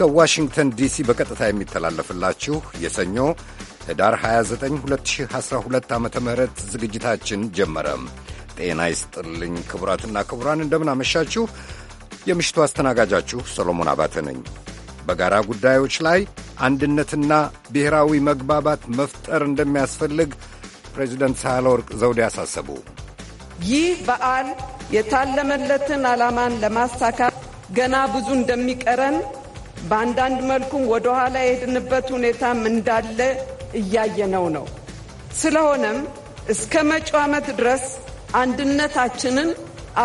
ከዋሽንግተን ዲሲ በቀጥታ የሚተላለፍላችሁ የሰኞ ህዳር 29 2012 ዓ ም ዝግጅታችን ጀመረ። ጤና ይስጥልኝ ክቡራትና ክቡራን፣ እንደምናመሻችሁ። የምሽቱ አስተናጋጃችሁ ሰሎሞን አባተ ነኝ። በጋራ ጉዳዮች ላይ አንድነትና ብሔራዊ መግባባት መፍጠር እንደሚያስፈልግ ፕሬዚደንት ሳህለወርቅ ዘውዴ አሳሰቡ። ይህ በዓል የታለመለትን ዓላማን ለማሳካት ገና ብዙ እንደሚቀረን በአንዳንድ መልኩም ወደ ኋላ የሄድንበት ሁኔታም እንዳለ እያየነው ነው። ስለሆነም እስከ መጪው ዓመት ድረስ አንድነታችንን፣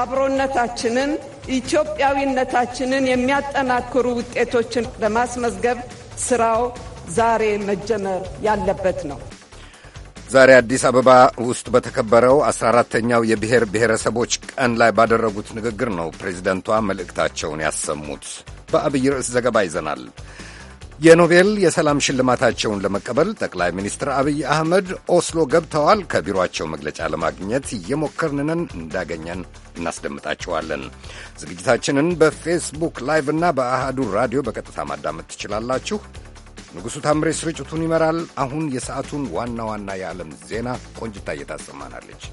አብሮነታችንን፣ ኢትዮጵያዊነታችንን የሚያጠናክሩ ውጤቶችን ለማስመዝገብ ስራው ዛሬ መጀመር ያለበት ነው። ዛሬ አዲስ አበባ ውስጥ በተከበረው አስራ አራተኛው የብሔር ብሔረሰቦች ቀን ላይ ባደረጉት ንግግር ነው ፕሬዚደንቷ መልእክታቸውን ያሰሙት። በአብይ ርዕስ ዘገባ ይዘናል። የኖቤል የሰላም ሽልማታቸውን ለመቀበል ጠቅላይ ሚኒስትር አብይ አህመድ ኦስሎ ገብተዋል። ከቢሮአቸው መግለጫ ለማግኘት እየሞከርንንን እንዳገኘን እናስደምጣችኋለን። ዝግጅታችንን በፌስቡክ ላይቭ እና በአሃዱ ራዲዮ በቀጥታ ማዳመጥ ትችላላችሁ። ንጉሡ ታምሬ ስርጭቱን ይመራል። አሁን የሰዓቱን ዋና ዋና የዓለም ዜና ቆንጅታ እየታሰማናለች።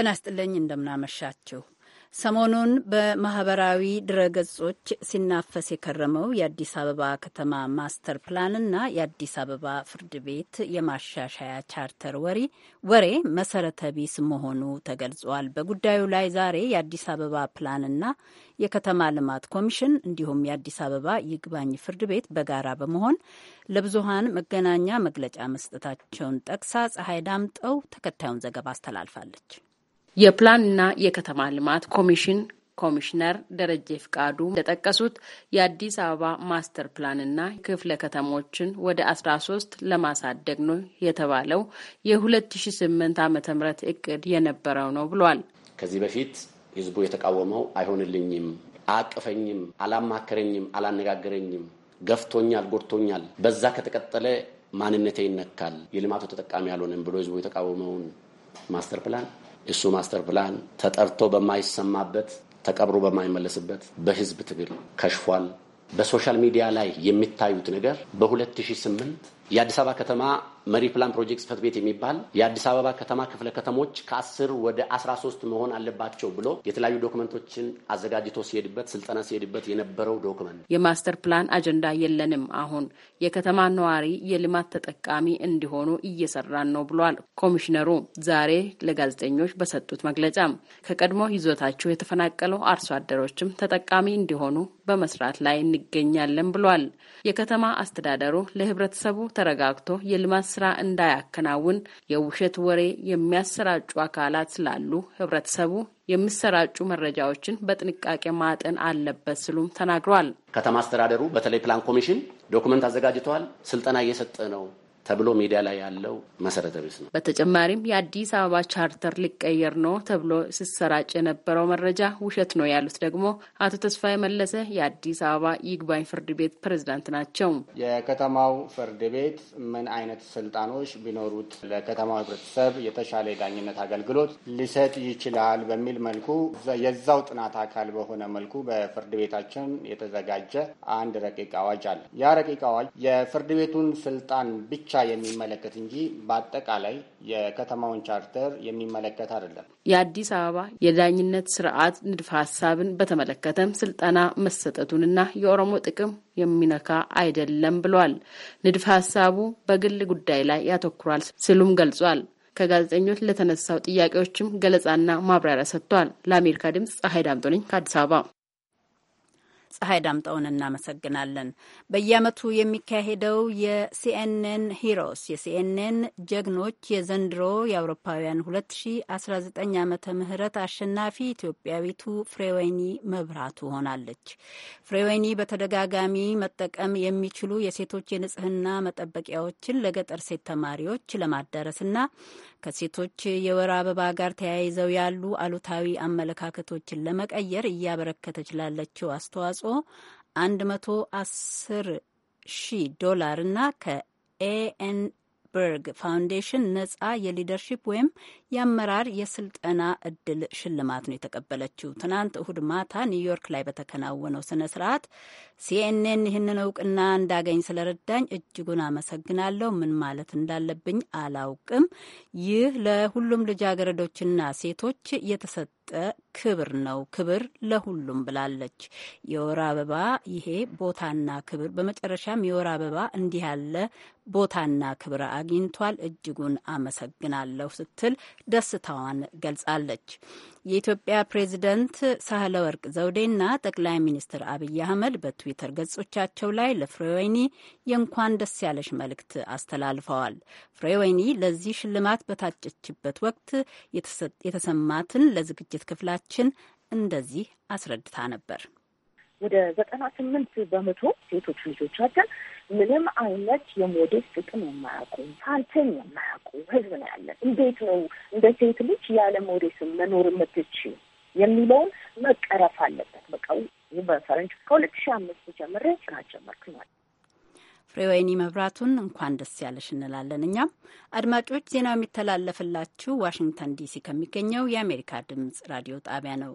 ጤና ይስጥልኝ እንደምናመሻችሁ። ሰሞኑን በማህበራዊ ድረገጾች ሲናፈስ የከረመው የአዲስ አበባ ከተማ ማስተር ፕላንና የአዲስ አበባ ፍርድ ቤት የማሻሻያ ቻርተር ወሬ ወሬ መሰረተ ቢስ መሆኑ ተገልጿል። በጉዳዩ ላይ ዛሬ የአዲስ አበባ ፕላንና የከተማ ልማት ኮሚሽን እንዲሁም የአዲስ አበባ ይግባኝ ፍርድ ቤት በጋራ በመሆን ለብዙሃን መገናኛ መግለጫ መስጠታቸውን ጠቅሳ ፀሐይ ዳምጠው ተከታዩን ዘገባ አስተላልፋለች። የፕላንና የከተማ ልማት ኮሚሽን ኮሚሽነር ደረጀ ፍቃዱ እንደጠቀሱት የአዲስ አበባ ማስተር ፕላንና ክፍለ ከተሞችን ወደ 13 ለማሳደግ ነው የተባለው የ2008 ዓ.ም እቅድ የነበረው ነው ብሏል። ከዚህ በፊት ህዝቡ የተቃወመው አይሆንልኝም፣ አቅፈኝም፣ አላማከረኝም፣ አላነጋገረኝም፣ ገፍቶኛል፣ ጎድቶኛል፣ በዛ ከተቀጠለ ማንነቴ ይነካል፣ የልማቱ ተጠቃሚ አልሆነም ብሎ ህዝቡ የተቃወመውን ማስተር ፕላን እሱ ማስተር ፕላን ተጠርቶ በማይሰማበት ተቀብሮ በማይመለስበት በህዝብ ትግል ከሽፏል። በሶሻል ሚዲያ ላይ የሚታዩት ነገር በ2008 የአዲስ አበባ ከተማ መሪ ፕላን ፕሮጀክት ጽህፈት ቤት የሚባል የአዲስ አበባ ከተማ ክፍለ ከተሞች ከአስር ወደ አስራ ሶስት መሆን አለባቸው ብሎ የተለያዩ ዶክመንቶችን አዘጋጅቶ ሲሄድበት ስልጠና ሲሄድበት የነበረው ዶክመንት የማስተር ፕላን አጀንዳ የለንም። አሁን የከተማ ነዋሪ የልማት ተጠቃሚ እንዲሆኑ እየሰራን ነው ብሏል። ኮሚሽነሩ ዛሬ ለጋዜጠኞች በሰጡት መግለጫ ከቀድሞ ይዞታቸው የተፈናቀለው አርሶ አደሮችም ተጠቃሚ እንዲሆኑ በመስራት ላይ እንገኛለን ብሏል። የከተማ አስተዳደሩ ለህብረተሰቡ ተረጋግቶ የልማት ስራ እንዳያከናውን የውሸት ወሬ የሚያሰራጩ አካላት ስላሉ ህብረተሰቡ የሚሰራጩ መረጃዎችን በጥንቃቄ ማጠን አለበት ሲሉም ተናግሯል። ከተማ አስተዳደሩ በተለይ ፕላን ኮሚሽን ዶኩመንት አዘጋጅተዋል፣ ስልጠና እየሰጠ ነው። ተብሎ ሜዳ ላይ ያለው መሰረተ ቢስ ነው። በተጨማሪም የአዲስ አበባ ቻርተር ሊቀየር ነው ተብሎ ሲሰራጭ የነበረው መረጃ ውሸት ነው ያሉት ደግሞ አቶ ተስፋዬ መለሰ የአዲስ አበባ ይግባኝ ፍርድ ቤት ፕሬዝዳንት ናቸው። የከተማው ፍርድ ቤት ምን አይነት ስልጣኖች ቢኖሩት ለከተማው ህብረተሰብ የተሻለ የዳኝነት አገልግሎት ሊሰጥ ይችላል በሚል መልኩ የዛው ጥናት አካል በሆነ መልኩ በፍርድ ቤታችን የተዘጋጀ አንድ ረቂቅ አዋጅ አለ። ያ ረቂቅ አዋጅ የፍርድ ቤቱን ስልጣን ብቻ ብቻ የሚመለከት እንጂ በአጠቃላይ የከተማውን ቻርተር የሚመለከት አይደለም። የአዲስ አበባ የዳኝነት ስርዓት ንድፈ ሀሳብን በተመለከተም ስልጠና መሰጠቱንና የኦሮሞ ጥቅም የሚነካ አይደለም ብሏል። ንድፈ ሀሳቡ በግል ጉዳይ ላይ ያተኩራል ሲሉም ገልጿል። ከጋዜጠኞች ለተነሳው ጥያቄዎችም ገለጻና ማብራሪያ ሰጥቷል። ለአሜሪካ ድምፅ ፀሐይ ዳምጦ ነኝ ከአዲስ አበባ። ፀሐይ ዳምጠውን እናመሰግናለን። በየዓመቱ የሚካሄደው የሲኤንኤን ሂሮስ የሲኤንኤን ጀግኖች የዘንድሮ የአውሮፓውያን 2019 ዓመተ ምህረት አሸናፊ ኢትዮጵያዊቱ ፍሬወይኒ መብራቱ ሆናለች። ፍሬወይኒ በተደጋጋሚ መጠቀም የሚችሉ የሴቶች የንጽህና መጠበቂያዎችን ለገጠር ሴት ተማሪዎች ለማዳረስና ከሴቶች የወር አበባ ጋር ተያይዘው ያሉ አሉታዊ አመለካከቶችን ለመቀየር እያበረከተች ላለችው አስተዋጽኦ 110 ሺህ ዶላር እና ከኤኤን ፋውንዴሽን ነጻ የሊደርሺፕ ወይም የአመራር የስልጠና እድል ሽልማት ነው የተቀበለችው። ትናንት እሁድ ማታ ኒውዮርክ ላይ በተከናወነው ስነ ስርዓት ሲኤንኤን ይህንን እውቅና እንዳገኝ ስለረዳኝ እጅጉን አመሰግናለሁ። ምን ማለት እንዳለብኝ አላውቅም። ይህ ለሁሉም ልጃገረዶችና ሴቶች የተሰጠ ክብር ነው። ክብር ለሁሉም ብላለች። የወር አበባ ይሄ ቦታና ክብር በመጨረሻም የወር አበባ እንዲህ ያለ ቦታና ክብር አግኝቷል። እጅጉን አመሰግናለሁ ስትል ደስታዋን ገልጻለች። የኢትዮጵያ ፕሬዝደንት ሳህለ ወርቅ ዘውዴና ጠቅላይ ሚኒስትር አብይ አህመድ በትዊተር ገጾቻቸው ላይ ለፍሬወይኒ የእንኳን ደስ ያለሽ መልእክት አስተላልፈዋል። ፍሬወይኒ ለዚህ ሽልማት በታጨችበት ወቅት የተሰማትን ለዝግጅት ክፍላችን እንደዚህ አስረድታ ነበር። ወደ ዘጠና ስምንት በመቶ ሴቶች ልጆቻችን ምንም አይነት የሞዴስ ጥቅም የማያውቁ ሳንቲም የማያውቁ ህዝብ ነው ያለን። እንዴት ነው እንደ ሴት ልጅ ያለ ሞዴስ መኖር የምትችል የሚለውን መቀረፍ አለበት። በቃ በፈረንጅ ከሁለት ሺ አምስት ጀምሬ ስራ ጀመርኩ ነዋል። ፍሬወይኒ መብራቱን እንኳን ደስ ያለሽ እንላለን። እኛም አድማጮች ዜናው የሚተላለፍላችሁ ዋሽንግተን ዲሲ ከሚገኘው የአሜሪካ ድምጽ ራዲዮ ጣቢያ ነው።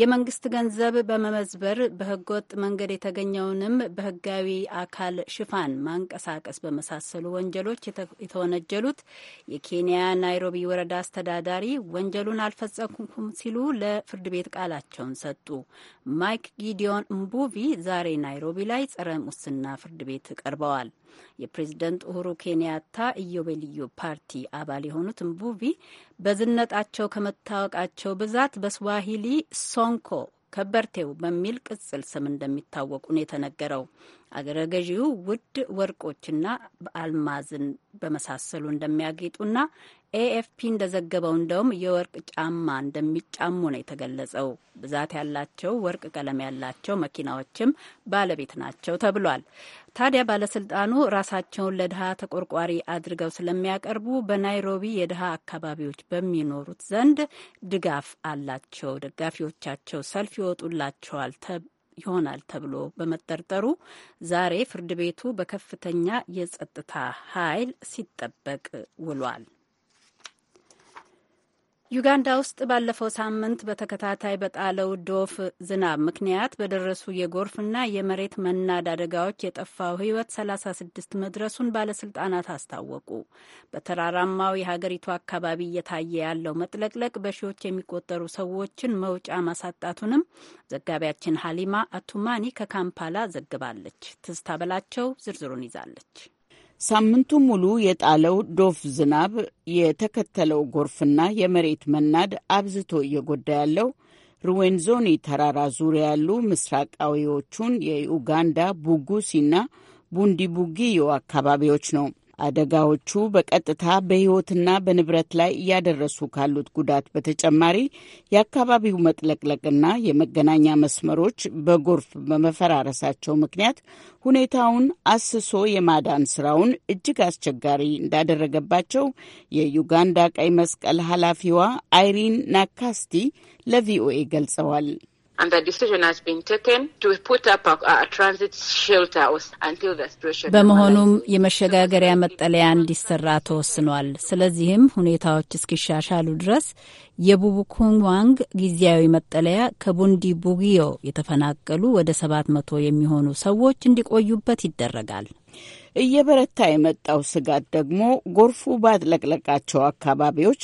የመንግስት ገንዘብ በመመዝበር በህገወጥ መንገድ የተገኘውንም በህጋዊ አካል ሽፋን ማንቀሳቀስ በመሳሰሉ ወንጀሎች የተወነጀሉት የኬንያ ናይሮቢ ወረዳ አስተዳዳሪ ወንጀሉን አልፈጸምኩም ሲሉ ለፍርድ ቤት ቃላቸውን ሰጡ። ማይክ ጊዲዮን ምቡቪ ዛሬ ናይሮቢ ላይ ጸረ ሙስና ፍርድ ቤት ቀርበዋል። የፕሬዝደንት ኡሁሩ ኬንያታ ኢዮቤልዩ ፓርቲ አባል የሆኑት ምቡቪ በዝነጣቸው ከመታወቃቸው ብዛት በስዋሂሊ ሶንኮ ከበርቴው በሚል ቅጽል ስም እንደሚታወቁ ነው የተነገረው። አገረ ገዢው ውድ ወርቆችና አልማዝን በመሳሰሉ እንደሚያጌጡና ኤኤፍፒ እንደዘገበው እንደውም የወርቅ ጫማ እንደሚጫሙ ነው የተገለጸው። ብዛት ያላቸው ወርቅ ቀለም ያላቸው መኪናዎችም ባለቤት ናቸው ተብሏል። ታዲያ ባለስልጣኑ ራሳቸውን ለድሃ ተቆርቋሪ አድርገው ስለሚያቀርቡ በናይሮቢ የድሃ አካባቢዎች በሚኖሩት ዘንድ ድጋፍ አላቸው፣ ደጋፊዎቻቸው ሰልፍ ይወጡላቸዋል ይሆናል ተብሎ በመጠርጠሩ ዛሬ ፍርድ ቤቱ በከፍተኛ የጸጥታ ኃይል ሲጠበቅ ውሏል። ዩጋንዳ ውስጥ ባለፈው ሳምንት በተከታታይ በጣለው ዶፍ ዝናብ ምክንያት በደረሱ የጎርፍና የመሬት መናድ አደጋዎች የጠፋው ሕይወት 36 መድረሱን ባለስልጣናት አስታወቁ። በተራራማው የሀገሪቱ አካባቢ እየታየ ያለው መጥለቅለቅ በሺዎች የሚቆጠሩ ሰዎችን መውጫ ማሳጣቱንም ዘጋቢያችን ሀሊማ አቱማኒ ከካምፓላ ዘግባለች። ትዝታ በላቸው ዝርዝሩን ይዛለች። ሳምንቱ ሙሉ የጣለው ዶፍ ዝናብ የተከተለው ጎርፍና የመሬት መናድ አብዝቶ እየጎዳ ያለው ሩዌንዞኒ ተራራ ዙሪያ ያሉ ምስራቃዊዎቹን የኡጋንዳ ቡጉሲና ቡንዲቡጊዮ አካባቢዎች ነው። አደጋዎቹ በቀጥታ በሕይወትና በንብረት ላይ እያደረሱ ካሉት ጉዳት በተጨማሪ የአካባቢው መጥለቅለቅና የመገናኛ መስመሮች በጎርፍ በመፈራረሳቸው ምክንያት ሁኔታውን አስሶ የማዳን ስራውን እጅግ አስቸጋሪ እንዳደረገባቸው የዩጋንዳ ቀይ መስቀል ኃላፊዋ አይሪን ናካስቲ ለቪኦኤ ገልጸዋል። በመሆኑም የመሸጋገሪያ መጠለያ እንዲሰራ ተወስኗል። ስለዚህም ሁኔታዎች እስኪሻሻሉ ድረስ ዋንግ ጊዜያዊ መጠለያ ከቡንዲ ቡጊዮ የተፈናቀሉ ወደ ሰባት መቶ የሚሆኑ ሰዎች እንዲቆዩበት ይደረጋል። እየበረታ የመጣው ስጋት ደግሞ ጎርፉ ባጥለቅለቃቸው አካባቢዎች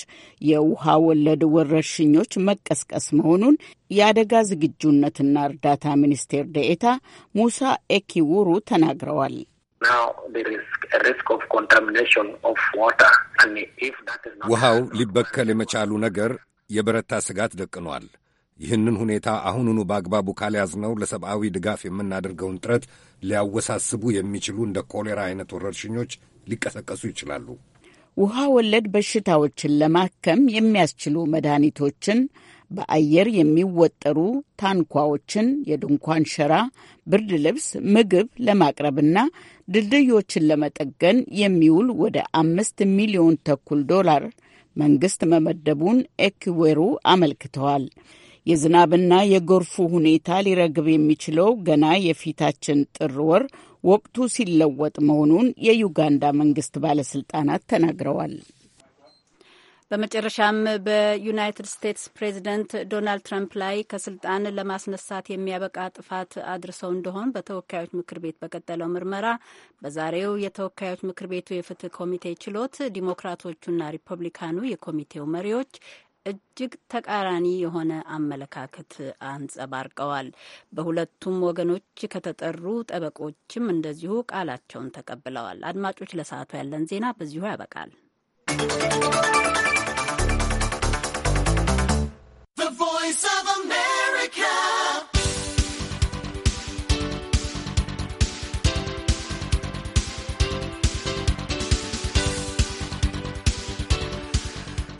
የውሃ ወለድ ወረርሽኞች መቀስቀስ መሆኑን የአደጋ ዝግጁነትና እርዳታ ሚኒስቴር ደኤታ ሙሳ ኤኪውሩ ተናግረዋል። ውሃው ሊበከል የመቻሉ ነገር የበረታ ስጋት ደቅኗል። ይህንን ሁኔታ አሁኑኑ በአግባቡ ካልያዝነው ለሰብአዊ ድጋፍ የምናደርገውን ጥረት ሊያወሳስቡ የሚችሉ እንደ ኮሌራ አይነት ወረርሽኞች ሊቀሰቀሱ ይችላሉ። ውሃ ወለድ በሽታዎችን ለማከም የሚያስችሉ መድኃኒቶችን፣ በአየር የሚወጠሩ ታንኳዎችን፣ የድንኳን ሸራ፣ ብርድ ልብስ፣ ምግብ ለማቅረብና ድልድዮችን ለመጠገን የሚውል ወደ አምስት ሚሊዮን ተኩል ዶላር መንግስት መመደቡን ኤኪዌሩ አመልክተዋል። የዝናብና የጎርፉ ሁኔታ ሊረግብ የሚችለው ገና የፊታችን ጥር ወር ወቅቱ ሲለወጥ መሆኑን የዩጋንዳ መንግስት ባለስልጣናት ተናግረዋል። በመጨረሻም በዩናይትድ ስቴትስ ፕሬዚደንት ዶናልድ ትራምፕ ላይ ከስልጣን ለማስነሳት የሚያበቃ ጥፋት አድርሰው እንደሆን በተወካዮች ምክር ቤት በቀጠለው ምርመራ በዛሬው የተወካዮች ምክር ቤቱ የፍትህ ኮሚቴ ችሎት ዲሞክራቶቹና ሪፐብሊካኑ የኮሚቴው መሪዎች እጅግ ተቃራኒ የሆነ አመለካከት አንጸባርቀዋል። በሁለቱም ወገኖች ከተጠሩ ጠበቆችም እንደዚሁ ቃላቸውን ተቀብለዋል። አድማጮች፣ ለሰዓቱ ያለን ዜና በዚሁ ያበቃል።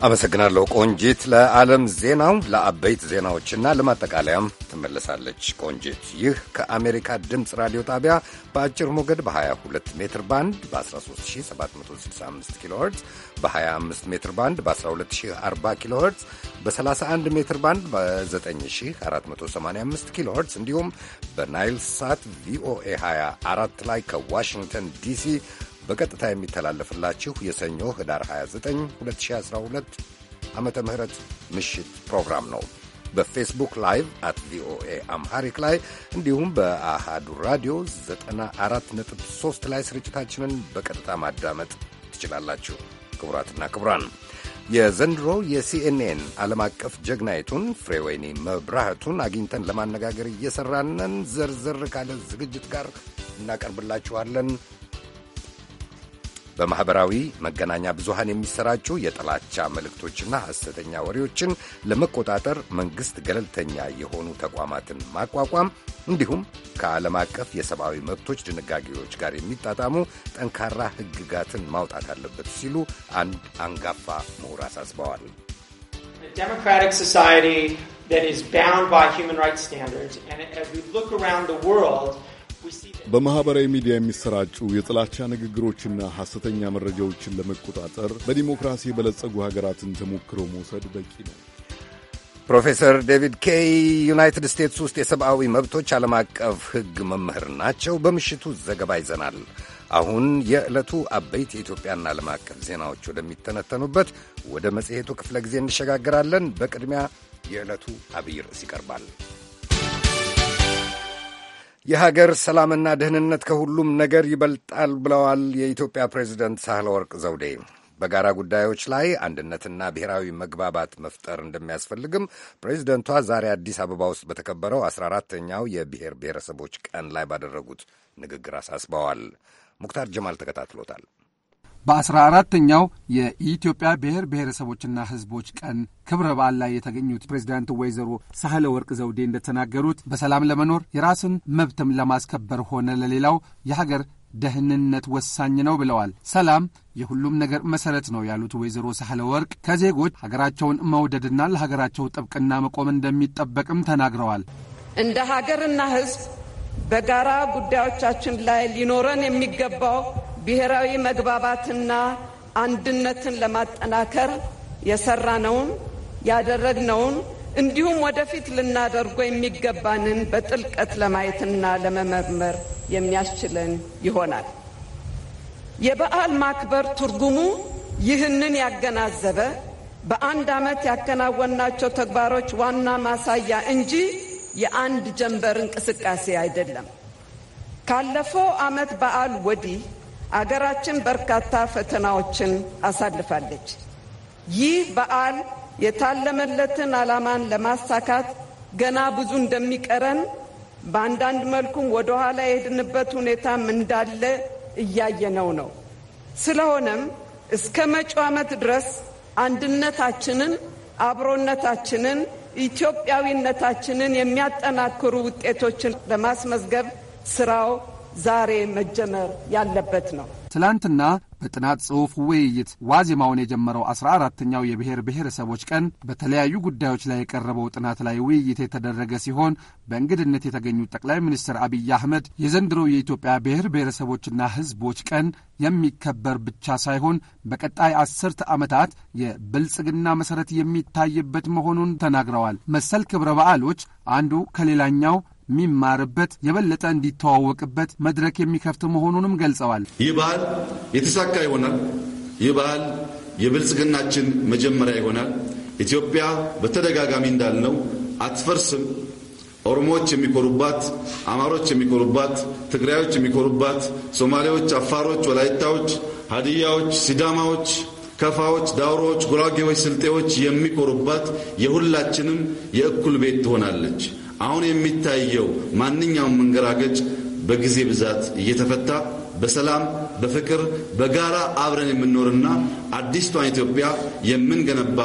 አመሰግናለሁ ቆንጂት። ለዓለም ዜናው ለአበይት ዜናዎችና ለማጠቃለያም ትመለሳለች ቆንጂት። ይህ ከአሜሪካ ድምፅ ራዲዮ ጣቢያ በአጭር ሞገድ በ22 ሜትር ባንድ በ13765 ኪሎ በ በ25 ሜትር ባንድ በ1240 ኪሎ በ በ31 ሜትር ባንድ በ9485 ኪሎ እንዲሁም በናይል ሳት ቪኦኤ 24 ላይ ከዋሽንግተን ዲሲ በቀጥታ የሚተላለፍላችሁ የሰኞ ህዳር 29 2012 ዓመተ ምህረት ምሽት ፕሮግራም ነው። በፌስቡክ ላይቭ አት ቪኦኤ አምሃሪክ ላይ እንዲሁም በአሃዱ ራዲዮ 94.3 ላይ ስርጭታችንን በቀጥታ ማዳመጥ ትችላላችሁ። ክቡራትና ክቡራን የዘንድሮ የሲኤንኤን ዓለም አቀፍ ጀግናይቱን ፍሬወይኒ መብራህቱን አግኝተን ለማነጋገር እየሠራን ዘርዘር ካለ ዝግጅት ጋር እናቀርብላችኋለን። በማኅበራዊ መገናኛ ብዙሃን የሚሰራጩ የጥላቻ መልእክቶችና ሐሰተኛ ወሬዎችን ለመቆጣጠር መንግሥት ገለልተኛ የሆኑ ተቋማትን ማቋቋም እንዲሁም ከዓለም አቀፍ የሰብአዊ መብቶች ድንጋጌዎች ጋር የሚጣጣሙ ጠንካራ ሕግጋትን ማውጣት አለበት ሲሉ አንድ አንጋፋ ምሁር አሳስበዋል። ዲሞክራቲክ በማኅበራዊ ሚዲያ የሚሰራጩ የጥላቻ ንግግሮችና ሐሰተኛ መረጃዎችን ለመቆጣጠር በዲሞክራሲ የበለጸጉ ሀገራትን ተሞክሮ መውሰድ በቂ ነው። ፕሮፌሰር ዴቪድ ኬይ ዩናይትድ ስቴትስ ውስጥ የሰብአዊ መብቶች ዓለም አቀፍ ሕግ መምህር ናቸው። በምሽቱ ዘገባ ይዘናል። አሁን የዕለቱ አበይት የኢትዮጵያና ዓለም አቀፍ ዜናዎች ወደሚተነተኑበት ወደ መጽሔቱ ክፍለ ጊዜ እንሸጋግራለን። በቅድሚያ የዕለቱ አብይ ርዕስ ይቀርባል። የሀገር ሰላምና ደህንነት ከሁሉም ነገር ይበልጣል ብለዋል የኢትዮጵያ ፕሬዚደንት ሳህለ ወርቅ ዘውዴ። በጋራ ጉዳዮች ላይ አንድነትና ብሔራዊ መግባባት መፍጠር እንደሚያስፈልግም ፕሬዚደንቷ ዛሬ አዲስ አበባ ውስጥ በተከበረው አስራ አራተኛው የብሔር ብሔረሰቦች ቀን ላይ ባደረጉት ንግግር አሳስበዋል። ሙክታር ጀማል ተከታትሎታል። በአስራ አራተኛው የኢትዮጵያ ብሔር ብሔረሰቦችና ሕዝቦች ቀን ክብረ በዓል ላይ የተገኙት ፕሬዚዳንት ወይዘሮ ሳህለ ወርቅ ዘውዴ እንደተናገሩት በሰላም ለመኖር የራስን መብትም ለማስከበር ሆነ ለሌላው የሀገር ደህንነት ወሳኝ ነው ብለዋል። ሰላም የሁሉም ነገር መሰረት ነው ያሉት ወይዘሮ ሳህለ ወርቅ ከዜጎች ሀገራቸውን መውደድና ለሀገራቸው ጥብቅና መቆም እንደሚጠበቅም ተናግረዋል። እንደ ሀገርና ሕዝብ በጋራ ጉዳዮቻችን ላይ ሊኖረን የሚገባው ብሔራዊ መግባባትና አንድነትን ለማጠናከር የሰራነውን ያደረግነውን እንዲሁም ወደፊት ልናደርጎ የሚገባንን በጥልቀት ለማየትና ለመመርመር የሚያስችለን ይሆናል። የበዓል ማክበር ትርጉሙ ይህንን ያገናዘበ በአንድ ዓመት ያከናወናቸው ተግባሮች ዋና ማሳያ እንጂ የአንድ ጀንበር እንቅስቃሴ አይደለም። ካለፈው ዓመት በዓል ወዲህ አገራችን በርካታ ፈተናዎችን አሳልፋለች። ይህ በዓል የታለመለትን ዓላማን ለማሳካት ገና ብዙ እንደሚቀረን በአንዳንድ መልኩም ወደ ኋላ የሄድንበት ሁኔታም እንዳለ እያየነው ነው። ስለሆነም እስከ መጪው ዓመት ድረስ አንድነታችንን፣ አብሮነታችንን፣ ኢትዮጵያዊነታችንን የሚያጠናክሩ ውጤቶችን ለማስመዝገብ ስራው ዛሬ መጀመር ያለበት ነው። ትላንትና በጥናት ጽሑፍ ውይይት ዋዜማውን የጀመረው አስራ አራተኛው የብሔር ብሔረሰቦች ቀን በተለያዩ ጉዳዮች ላይ የቀረበው ጥናት ላይ ውይይት የተደረገ ሲሆን በእንግድነት የተገኙት ጠቅላይ ሚኒስትር አብይ አህመድ የዘንድሮው የኢትዮጵያ ብሔር ብሔረሰቦችና ሕዝቦች ቀን የሚከበር ብቻ ሳይሆን በቀጣይ አስርተ ዓመታት የብልጽግና መሠረት የሚታይበት መሆኑን ተናግረዋል። መሰል ክብረ በዓሎች አንዱ ከሌላኛው የሚማርበት የበለጠ እንዲተዋወቅበት መድረክ የሚከፍት መሆኑንም ገልጸዋል። ይህ ባህል የተሳካ ይሆናል። ይህ ባህል የብልጽግናችን መጀመሪያ ይሆናል። ኢትዮጵያ በተደጋጋሚ እንዳልነው አትፈርስም። ኦሮሞዎች የሚኮሩባት፣ አማሮች የሚኮሩባት፣ ትግራዮች የሚኮሩባት፣ ሶማሌዎች፣ አፋሮች፣ ወላይታዎች፣ ሀዲያዎች፣ ሲዳማዎች፣ ከፋዎች፣ ዳውሮዎች፣ ጉራጌዎች፣ ስልጤዎች የሚኮሩባት የሁላችንም የእኩል ቤት ትሆናለች። አሁን የሚታየው ማንኛውም መንገራገጭ በጊዜ ብዛት እየተፈታ በሰላም በፍቅር በጋራ አብረን የምንኖርና አዲስቷን ኢትዮጵያ የምንገነባ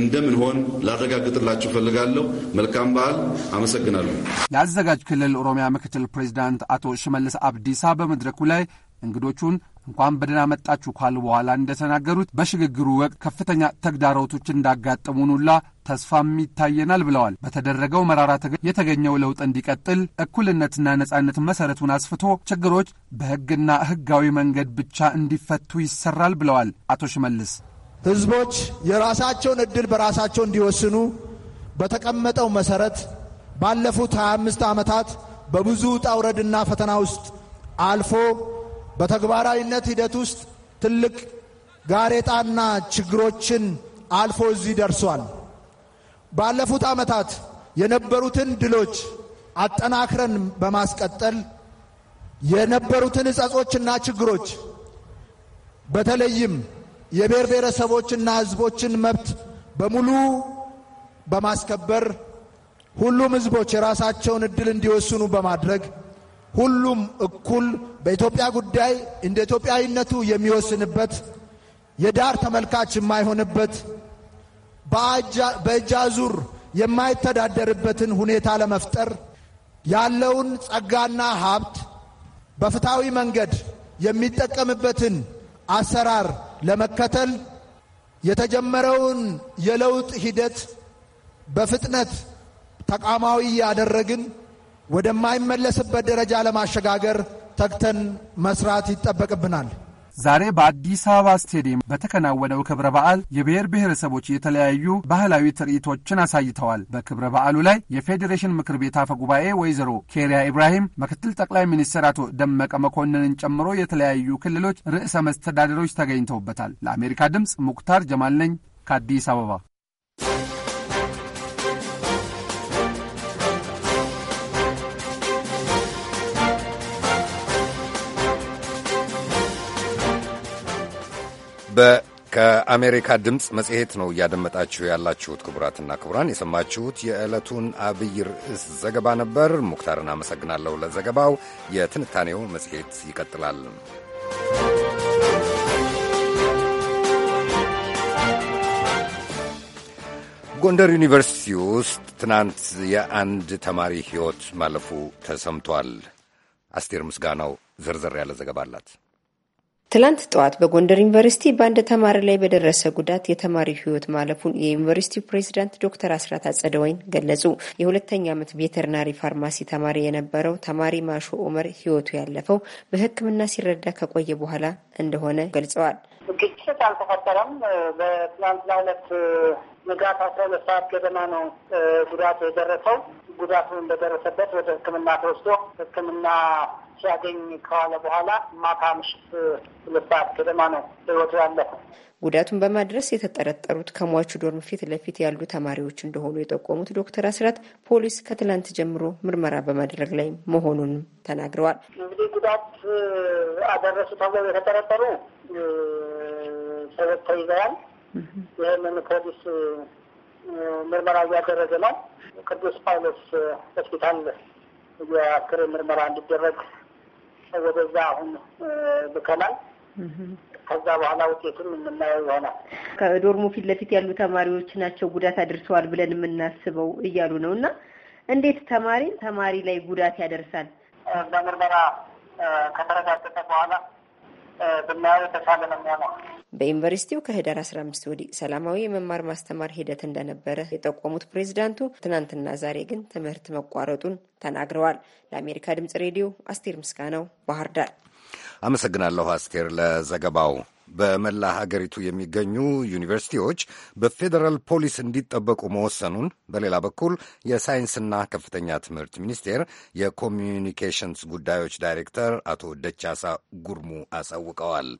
እንደምንሆን ላረጋግጥላችሁ ፈልጋለሁ። መልካም በዓል። አመሰግናለሁ። የአዘጋጅ ክልል ኦሮሚያ ምክትል ፕሬዚዳንት አቶ ሽመልስ አብዲሳ በመድረኩ ላይ እንግዶቹን እንኳን በደህና መጣችሁ ካሉ በኋላ እንደተናገሩት በሽግግሩ ወቅት ከፍተኛ ተግዳሮቶች እንዳጋጠሙን ሁላ ተስፋም ይታየናል ብለዋል። በተደረገው መራራ ትግል የተገኘው ለውጥ እንዲቀጥል እኩልነትና ነጻነት መሰረቱን አስፍቶ ችግሮች በሕግና ሕጋዊ መንገድ ብቻ እንዲፈቱ ይሰራል ብለዋል አቶ ሽመልስ። ሕዝቦች የራሳቸውን ዕድል በራሳቸው እንዲወስኑ በተቀመጠው መሰረት ባለፉት 25 ዓመታት በብዙ ውጣ ውረድና ፈተና ውስጥ አልፎ በተግባራዊነት ሂደት ውስጥ ትልቅ ጋሬጣና ችግሮችን አልፎ እዚህ ደርሷል። ባለፉት ዓመታት የነበሩትን ድሎች አጠናክረን በማስቀጠል የነበሩትን ሕጸጾችና ችግሮች በተለይም የብሔር ብሔረሰቦችና ሕዝቦችን መብት በሙሉ በማስከበር ሁሉም ሕዝቦች የራሳቸውን ዕድል እንዲወስኑ በማድረግ ሁሉም እኩል በኢትዮጵያ ጉዳይ እንደ ኢትዮጵያዊነቱ የሚወስንበት የዳር ተመልካች የማይሆንበት በእጃዙር የማይተዳደርበትን ሁኔታ ለመፍጠር ያለውን ጸጋና ሀብት በፍትሐዊ መንገድ የሚጠቀምበትን አሰራር ለመከተል የተጀመረውን የለውጥ ሂደት በፍጥነት ተቋማዊ ያደረግን ወደማይመለስበት ደረጃ ለማሸጋገር ተግተን መስራት ይጠበቅብናል። ዛሬ በአዲስ አበባ ስቴዲየም በተከናወነው ክብረ በዓል የብሔር ብሔረሰቦች የተለያዩ ባህላዊ ትርኢቶችን አሳይተዋል። በክብረ በዓሉ ላይ የፌዴሬሽን ምክር ቤት አፈ ጉባኤ ወይዘሮ ኬሪያ ኢብራሂም፣ ምክትል ጠቅላይ ሚኒስትር አቶ ደመቀ መኮንንን ጨምሮ የተለያዩ ክልሎች ርዕሰ መስተዳደሮች ተገኝተውበታል። ለአሜሪካ ድምፅ ሙክታር ጀማል ነኝ ከአዲስ አበባ። ከአሜሪካ ድምፅ መጽሔት ነው እያደመጣችሁ ያላችሁት። ክቡራትና ክቡራን የሰማችሁት የዕለቱን አብይ ርዕስ ዘገባ ነበር። ሙክታርን አመሰግናለሁ ለዘገባው። የትንታኔው መጽሔት ይቀጥላል። ጎንደር ዩኒቨርሲቲ ውስጥ ትናንት የአንድ ተማሪ ሕይወት ማለፉ ተሰምቷል። አስቴር ምስጋናው ዝርዝር ያለ ዘገባ አላት። ትላንት ጠዋት በጎንደር ዩኒቨርሲቲ በአንድ ተማሪ ላይ በደረሰ ጉዳት የተማሪው ሕይወት ማለፉን የዩኒቨርሲቲው ፕሬዚዳንት ዶክተር አስራት አጸደወይን ገለጹ። የሁለተኛ ዓመት ቬተርናሪ ፋርማሲ ተማሪ የነበረው ተማሪ ማሾ ኦመር ሕይወቱ ያለፈው በሕክምና ሲረዳ ከቆየ በኋላ እንደሆነ ገልጸዋል። ግጭት አልተፈጠረም። በትናንትና ሁለት ንጋት አስራ ሁለት ሰዓት ገደማ ነው ጉዳቱ የደረሰው። ጉዳቱ እንደደረሰበት ወደ ሕክምና ተወስዶ ሕክምና ሲያገኝ ከዋለ በኋላ ማታ ምሽት ሁለት ሰዓት ገደማ ነው ህይወቱ ያለፈ። ጉዳቱን በማድረስ የተጠረጠሩት ከሟቹ ዶርም ፊት ለፊት ያሉ ተማሪዎች እንደሆኑ የጠቆሙት ዶክተር አስራት ፖሊስ ከትላንት ጀምሮ ምርመራ በማድረግ ላይ መሆኑን ተናግረዋል። እንግዲህ ጉዳት አደረሱ ተብለው የተጠረጠሩ ሰዎች ተይዘዋል። ይህንን ፖሊስ ምርመራ እያደረገ ነው። ቅዱስ ጳውሎስ ሆስፒታል የአስክሬን ምርመራ እንዲደረግ ወደዛ አሁን ብከናል። ከዛ በኋላ ውጤቱን የምናየው ይሆናል። ከዶርሞ ፊት ለፊት ያሉ ተማሪዎች ናቸው ጉዳት አድርሰዋል ብለን የምናስበው እያሉ ነው። እና እንዴት ተማሪ ተማሪ ላይ ጉዳት ያደርሳል? በምርመራ ከተረጋገጠ በኋላ ብናየው የተሻለ ነው የሚሆነው። በዩኒቨርሲቲው ከህዳር 15 ወዲህ ሰላማዊ የመማር ማስተማር ሂደት እንደነበረ የጠቆሙት ፕሬዚዳንቱ ትናንትና ዛሬ ግን ትምህርት መቋረጡን ተናግረዋል። ለአሜሪካ ድምጽ ሬዲዮ አስቴር ምስጋናው ባህር ዳር። አመሰግናለሁ አስቴር ለዘገባው። በመላ ሀገሪቱ የሚገኙ ዩኒቨርሲቲዎች በፌዴራል ፖሊስ እንዲጠበቁ መወሰኑን፣ በሌላ በኩል የሳይንስና ከፍተኛ ትምህርት ሚኒስቴር የኮሚኒኬሽንስ ጉዳዮች ዳይሬክተር አቶ ደቻሳ ጉርሙ አሳውቀዋል።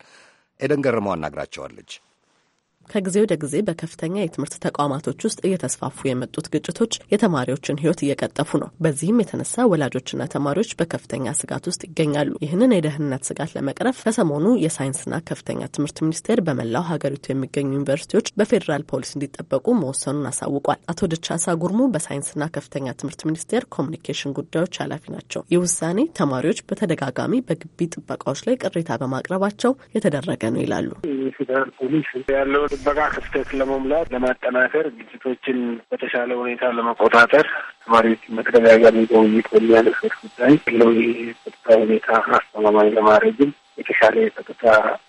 ኤደን ገረመው አናግራቸዋለች። ከጊዜ ወደ ጊዜ በከፍተኛ የትምህርት ተቋማቶች ውስጥ እየተስፋፉ የመጡት ግጭቶች የተማሪዎችን ሕይወት እየቀጠፉ ነው። በዚህም የተነሳ ወላጆችና ተማሪዎች በከፍተኛ ስጋት ውስጥ ይገኛሉ። ይህንን የደህንነት ስጋት ለመቅረፍ ከሰሞኑ የሳይንስና ከፍተኛ ትምህርት ሚኒስቴር በመላው ሀገሪቱ የሚገኙ ዩኒቨርሲቲዎች በፌዴራል ፖሊስ እንዲጠበቁ መወሰኑን አሳውቋል። አቶ ድቻሳ ጉርሙ በሳይንስና ከፍተኛ ትምህርት ሚኒስቴር ኮሚኒኬሽን ጉዳዮች ኃላፊ ናቸው። ይህ ውሳኔ ተማሪዎች በተደጋጋሚ በግቢ ጥበቃዎች ላይ ቅሬታ በማቅረባቸው የተደረገ ነው ይላሉ። ጥበቃ ክፍተት ለመሙላት ለማጠናከር ግጭቶችን በተሻለ ሁኔታ ለመቆጣጠር ተማሪዎች መተደጋጋሚ በውይይት በሚያነሱት ጉዳይ ለው የጸጥታ ሁኔታ አስተማማኝ ለማድረግም የተሻለ የጸጥታ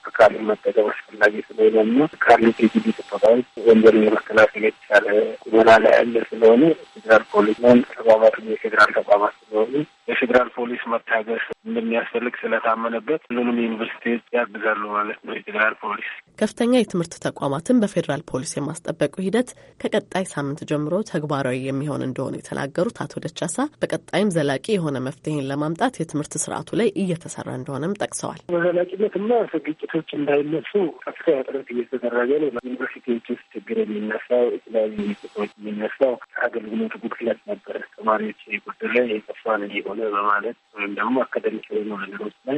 አካል መጠቀም አስፈላጊ ስለሆነና ካሉት የግቢ ጥበቃዎች ወንጀል የመከላከል የተሻለ ቁመና ላይ ያለ ስለሆነ ፌዴራል ፖሊስን ተቋማት የፌዴራል ተቋማት ስለሆኑ የፌዴራል ፖሊስ መታገስ እንደሚያስፈልግ ስለታመነበት ሁሉንም ዩኒቨርሲቲዎች ያግዛሉ ማለት ነው። የፌዴራል ፖሊስ ከፍተኛ የትምህርት ተቋማትን በፌዴራል ፖሊስ የማስጠበቁ ሂደት ከቀጣይ ሳምንት ጀምሮ ተግባራዊ የሚሆን እንደሆነ የተናገሩት አቶ ደቻሳ በቀጣይም ዘላቂ የሆነ መፍትሄን ለማምጣት የትምህርት ስርዓቱ ላይ እየተሰራ እንደሆነም ጠቅሰዋል። በዘላቂነትና ግጭቶች እንዳይነሱ ከፍተኛ ጥረት እየተደረገ ነው። ዩኒቨርሲቲዎች ውስጥ ችግር የሚነሳው የተለያዩ ግጭቶች የሚነሳው አገልግሎት ጉድለት ነበር። ተማሪዎች ጉድለ የጠፋን የጠፋ ሆነ በማለት ወይም ደግሞ አካደሚክ የሆኑ ነገሮች ላይ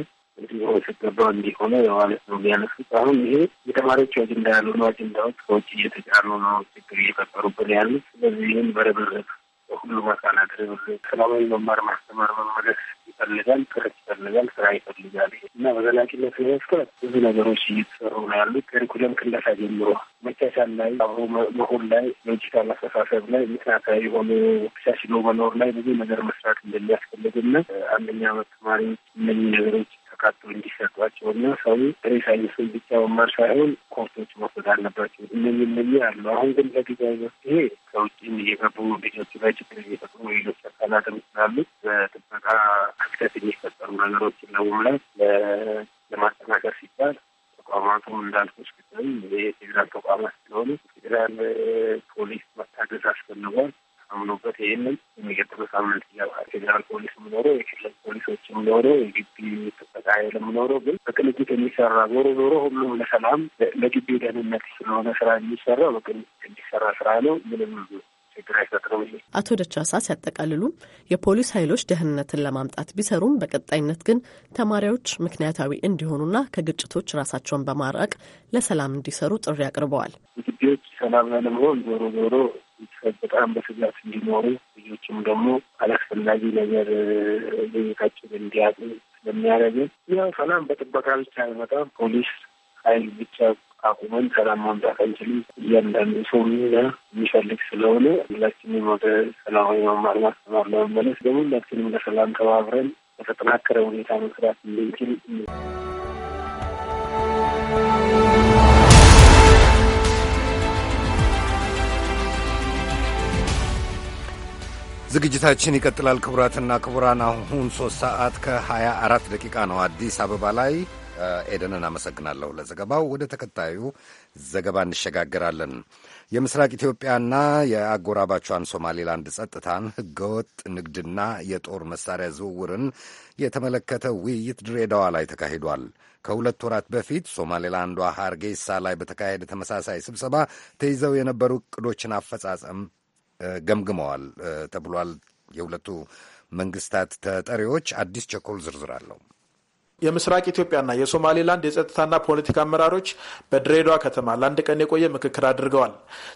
ሊኖሩ ሲገባ እንዲሆነ በማለት ነው የሚያነሱት። አሁን ይሄ የተማሪዎች አጀንዳ ያሉ ነው አጀንዳዎች ከውጭ እየተጫኑ ነው ችግር እየፈጠሩብን ያሉት። ስለዚህ ይህን በረበረት ሁሉም ህጻናት ሰላማዊ መማር ማስተማር መመለስ ይፈልጋል፣ ጥረት ይፈልጋል፣ ስራ ይፈልጋል እና በዘላቂነት ለመፍታት ብዙ ነገሮች እየተሰሩ ነው ያሉት ከሪኩለም ክለሳ ጀምሮ መቻቻል ላይ አብሮ መሆን ላይ ሎጂካል አስተሳሰብ ላይ ምክንያታዊ የሆኑ ተሻሽሎ መኖር ላይ ብዙ ነገር መስራት እንደሚያስፈልግና አንደኛ ዓመት ተማሪዎች ነገሮች አካቶ እንዲሰጧቸው እና ሰው ሳይንሱን ብቻ መማር ሳይሆን ኮርሶች መውሰድ አለባቸው። እነዚህ እነዚህ አሉ። አሁን ግን ለጊዜያዊ መፍትሄ ከውጭም እየገቡ ልጆች ላይ ችግር እየፈጥሩ ሌሎች አካላትም ስላሉ በጥበቃ ክፍተት የሚፈጠሩ ነገሮችን ለመሙላት ለማጠናከር ሲባል ተቋማቱ እንዳልኩሽ ግን የፌዴራል ተቋማት ስለሆኑ ፌዴራል ፖሊስ መታገዝ አስፈልጓል። አምኖበት ይህንን የሚቀጥለው ሳምንት ፌዴራል ፖሊስ የምኖረው የክልል ፖሊሶች የምኖረው የግቢ ጥበቃ ኃይል የምኖረው ግን በቅንጅት የሚሰራ ዞሮ ዞሮ ሁሉም ለሰላም ለግቢ ደህንነት ስለሆነ ስራ የሚሰራ በቅንጅት የሚሰራ ስራ ነው። ምንም አቶ ደቻሳ ሲያጠቃልሉም የፖሊስ ኃይሎች ደህንነትን ለማምጣት ቢሰሩም በቀጣይነት ግን ተማሪዎች ምክንያታዊ እንዲሆኑና ከግጭቶች ራሳቸውን በማራቅ ለሰላም እንዲሰሩ ጥሪ አቅርበዋል። ግቢዎች ሰላም ለመሆን ዞሮ ዞሮ በጣም በስጋት እንዲኖሩ ልጆችም ደግሞ አላስፈላጊ ነገር ቤታችን እንዲያጡ ስለሚያደርግን ያው ሰላም በጥበቃ ብቻ አይመጣም። ፖሊስ ኃይል ብቻ አቁመን ሰላም ማምጣት አንችልም። እያንዳንዱ ሰው ሚና የሚፈልግ ስለሆነ ሁላችንም ወደ ሰላማዊ መማር ማስተማር ለመመለስ ደግሞ ሁላችንም ለሰላም ተባብረን በተጠናከረ ሁኔታ መስራት እንድንችል ዝግጅታችን ይቀጥላል። ክቡራትና ክቡራን አሁን ሶስት ሰዓት ከ24 ደቂቃ ነው አዲስ አበባ ላይ። ኤደንን አመሰግናለሁ ለዘገባው። ወደ ተከታዩ ዘገባ እንሸጋገራለን። የምስራቅ ኢትዮጵያና የአጎራባቿን ሶማሌላንድ ጸጥታን፣ ህገወጥ ንግድና የጦር መሳሪያ ዝውውርን የተመለከተ ውይይት ድሬዳዋ ላይ ተካሂዷል። ከሁለት ወራት በፊት ሶማሌላንዷ ሃርጌሳ ላይ በተካሄደ ተመሳሳይ ስብሰባ ተይዘው የነበሩ እቅዶችን አፈጻጸም ገምግመዋል ተብሏል። የሁለቱ መንግስታት ተጠሪዎች አዲስ ቸኮል ዝርዝር አለው። የምስራቅ ኢትዮጵያና የሶማሌላንድ የጸጥታና ፖለቲካ አመራሮች በድሬዳዋ ከተማ ለአንድ ቀን የቆየ ምክክር አድርገዋል።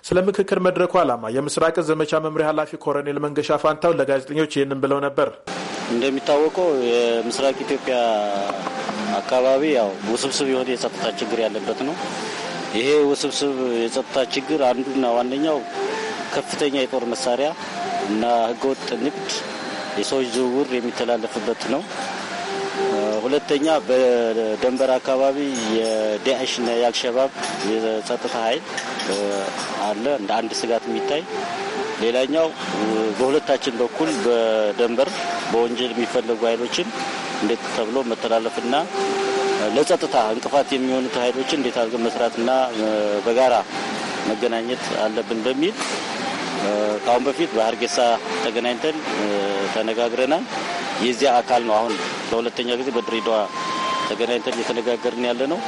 ስለ ምክክር መድረኩ ዓላማ የምስራቅ ዘመቻ መምሪያ ኃላፊ ኮረኔል መንገሻ ፋንታው ለጋዜጠኞች ይህንን ብለው ነበር። እንደሚታወቀው የምስራቅ ኢትዮጵያ አካባቢ ያው ውስብስብ የሆነ የጸጥታ ችግር ያለበት ነው። ይሄ ውስብስብ የጸጥታ ችግር አንዱና ዋነኛው ከፍተኛ የጦር መሳሪያ እና ህገወጥ ንግድ፣ የሰዎች ዝውውር የሚተላለፍበት ነው። ሁለተኛ በደንበር አካባቢ የዳዕሽና የአልሸባብ የጸጥታ ኃይል አለ እንደ አንድ ስጋት የሚታይ ሌላኛው በሁለታችን በኩል በደንበር በወንጀል የሚፈለጉ ኃይሎችን እንዴት ተብሎ መተላለፍና ለጸጥታ እንቅፋት የሚሆኑት ኃይሎችን እንዴት አድርገን መስራትና በጋራ መገናኘት አለብን በሚል ከአሁን በፊት በሀርጌሳ ተገናኝተን ተነጋግረናል። የዚያ አካል ነው። አሁን ለሁለተኛ ጊዜ በድሬዳዋ ተገናኝተን እየተነጋገርን ያለ ነው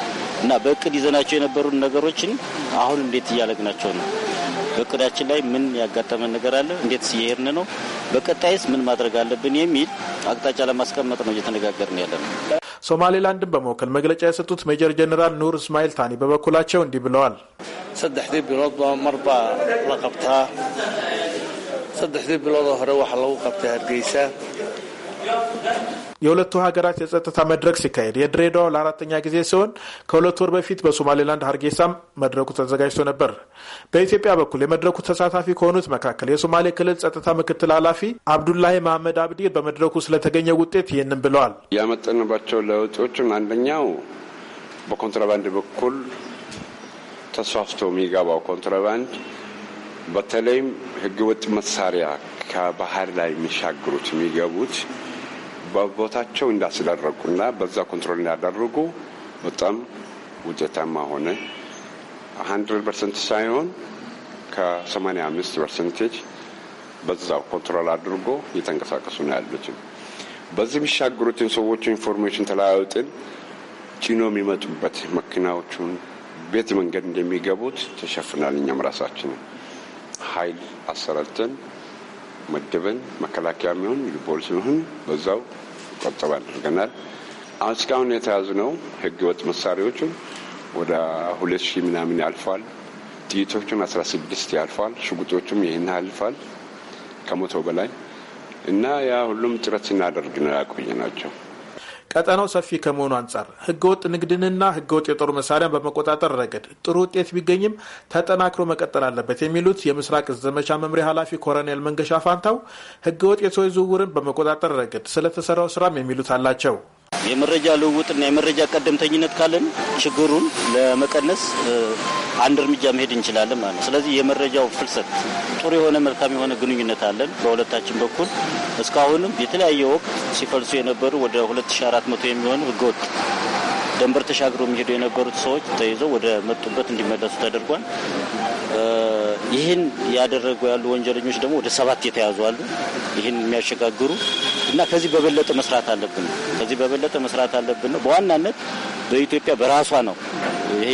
እና በእቅድ ይዘናቸው የነበሩን ነገሮችን አሁን እንዴት እያለግናቸው ነው? በእቅዳችን ላይ ምን ያጋጠመን ነገር አለ? እንዴት እየሄድን ነው? በቀጣይስ ምን ማድረግ አለብን? የሚል አቅጣጫ ለማስቀመጥ ነው እየተነጋገርን ያለ ነው። ሶማሌላንድን በመወከል መግለጫ የሰጡት ሜጀር ጀኔራል ኑር እስማኤል ታኒ በበኩላቸው እንዲህ ብለዋል። ሰደሕዲ ቢሎድ በመርባ ለቀብታ ሰደሕዲ ቢሎድ ሆረ ዋሕ ለው ቀብታ ሀርገይሳ የሁለቱ ሀገራት የጸጥታ መድረክ ሲካሄድ የድሬዳዋ ለአራተኛ ጊዜ ሲሆን ከሁለት ወር በፊት በሶማሌላንድ ሀርጌሳም መድረኩ ተዘጋጅቶ ነበር። በኢትዮጵያ በኩል የመድረኩ ተሳታፊ ከሆኑት መካከል የሶማሌ ክልል ጸጥታ ምክትል ኃላፊ አብዱላሂ መሐመድ አብዲር በመድረኩ ስለተገኘ ውጤት ይህንን ብለዋል። ያመጠንባቸው ለውጦችም አንደኛው በኮንትራባንድ በኩል ተስፋፍቶ የሚገባው ኮንትራባንድ በተለይም ህገወጥ መሳሪያ ከባህር ላይ የሚሻግሩት የሚገቡት በቦታቸው እንዳስደረጉና በዛ ኮንትሮል እንዳደረጉ በጣም ውጤታማ ሆነ። ሀንድረድ ፐርሰንት ሳይሆን ከሰማኒያ አምስት ፐርሰንቴጅ በዛው ኮንትሮል አድርጎ እየተንቀሳቀሱ ነው ያሉትም። በዚህ የሚሻገሩትን ሰዎች ኢንፎርሜሽን ተለያዩጥን ጭኖ የሚመጡበት መኪናዎቹን ቤት መንገድ እንደሚገቡት ተሸፍናል። እኛም ራሳችንን ኃይል አሰረተን መድበን መከላከያ ሚሆን ልቦልስ ሚሆን በዛው ቁጠባ አድርገናል። አሁን እስካሁን የተያዙ ነው ህገ ወጥ መሳሪያዎቹን ወደ ሁለት ሺህ ምናምን ያልፏል። ጥይቶቹን አስራ ስድስት ያልፏል። ሽጉጦቹም ይህን ያልፏል ከመቶ በላይ እና ያ ሁሉም ጥረት ስናደርግ ነው ያቆየ ናቸው። ቀጠናው ሰፊ ከመሆኑ አንጻር ህገወጥ ንግድንና ህገወጥ የጦር መሳሪያን በመቆጣጠር ረገድ ጥሩ ውጤት ቢገኝም ተጠናክሮ መቀጠል አለበት የሚሉት የምስራቅ ዘመቻ መምሪያ ኃላፊ ኮሎኔል መንገሻ ፋንታው ህገወጥ የሰው ዝውውርን በመቆጣጠር ረገድ ስለተሰራው ስራም የሚሉት አላቸው። የመረጃ ልውውጥና የመረጃ ቀደምተኝነት ካለን ችግሩን ለመቀነስ አንድ እርምጃ መሄድ እንችላለን ማለት ነው። ስለዚህ የመረጃው ፍልሰት ጥሩ የሆነ መልካም የሆነ ግንኙነት አለን በሁለታችን በኩል እስካሁንም የተለያየ ወቅት ሲፈልሱ የነበሩ ወደ 2400 የሚሆኑ ህገወጥ ደንበር ተሻግሮ የሚሄዱ የነበሩት ሰዎች ተይዘው ወደ መጡበት እንዲመለሱ ተደርጓል። ይህን ያደረጉ ያሉ ወንጀለኞች ደግሞ ወደ ሰባት የተያዙ አሉ። ይህን የሚያሸጋግሩ እና ከዚህ በበለጠ መስራት አለብን ከዚህ በበለጠ መስራት አለብን ነው። በዋናነት በኢትዮጵያ በራሷ ነው ይሄ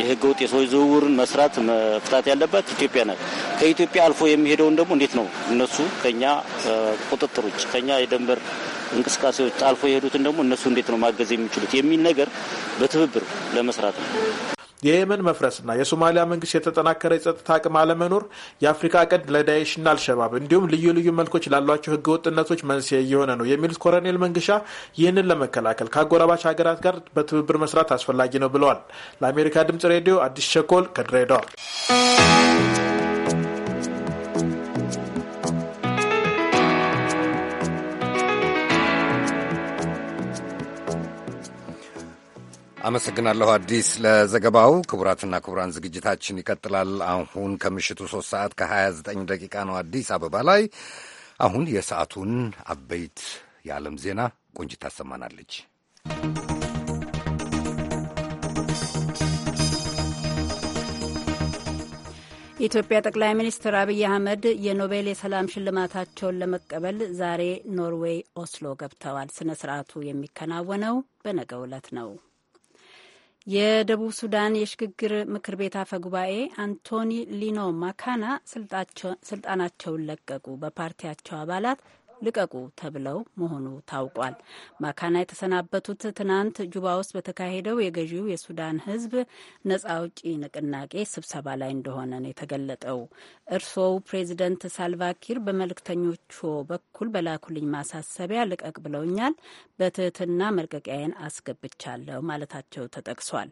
የህገ ወጥ የሰዎች ዝውውርን መስራት መፍታት ያለባት ኢትዮጵያ ናት። ከኢትዮጵያ አልፎ የሚሄደውን ደግሞ እንዴት ነው እነሱ ከኛ ቁጥጥር ውጭ ከኛ የደንበር እንቅስቃሴዎች አልፎ የሄዱትን ደግሞ እነሱ እንዴት ነው ማገዝ የሚችሉት የሚል ነገር በትብብር ለመስራት ነው። የየመን መፍረስና የሶማሊያ መንግስት የተጠናከረ የጸጥታ አቅም አለመኖር የአፍሪካ ቀንድ ለዳይሽና አልሸባብ እንዲሁም ልዩ ልዩ መልኮች ላሏቸው ህገወጥነቶች መንስኤ እየሆነ ነው የሚሉት ኮሎኔል መንግሻ ይህንን ለመከላከል ከአጎራባች ሀገራት ጋር በትብብር መስራት አስፈላጊ ነው ብለዋል። ለአሜሪካ ድምጽ ሬዲዮ አዲስ ሸኮል ከድሬዳዋ አመሰግናለሁ አዲስ ለዘገባው። ክቡራትና ክቡራን ዝግጅታችን ይቀጥላል። አሁን ከምሽቱ 3 ሰዓት ከ29 ደቂቃ ነው አዲስ አበባ ላይ። አሁን የሰዓቱን አበይት የዓለም ዜና ቆንጅት ታሰማናለች። የኢትዮጵያ ጠቅላይ ሚኒስትር አብይ አህመድ የኖቤል የሰላም ሽልማታቸውን ለመቀበል ዛሬ ኖርዌይ ኦስሎ ገብተዋል። ስነ ስርዓቱ የሚከናወነው በነገው ዕለት ነው። የደቡብ ሱዳን የሽግግር ምክር ቤት አፈ ጉባኤ አንቶኒ ሊኖ ማካና ስልጣናቸውን ለቀቁ። በፓርቲያቸው አባላት ልቀቁ ተብለው መሆኑ ታውቋል። ማካና የተሰናበቱት ትናንት ጁባ ውስጥ በተካሄደው የገዢው የሱዳን ሕዝብ ነጻ አውጪ ንቅናቄ ስብሰባ ላይ እንደሆነ ነው የተገለጠው። እርስዎው ፕሬዚደንት ሳልቫኪር በመልእክተኞቹ በኩል በላኩልኝ ማሳሰቢያ ልቀቅ ብለውኛል፣ በትህትና መልቀቂያዬን አስገብቻለሁ ማለታቸው ተጠቅሷል።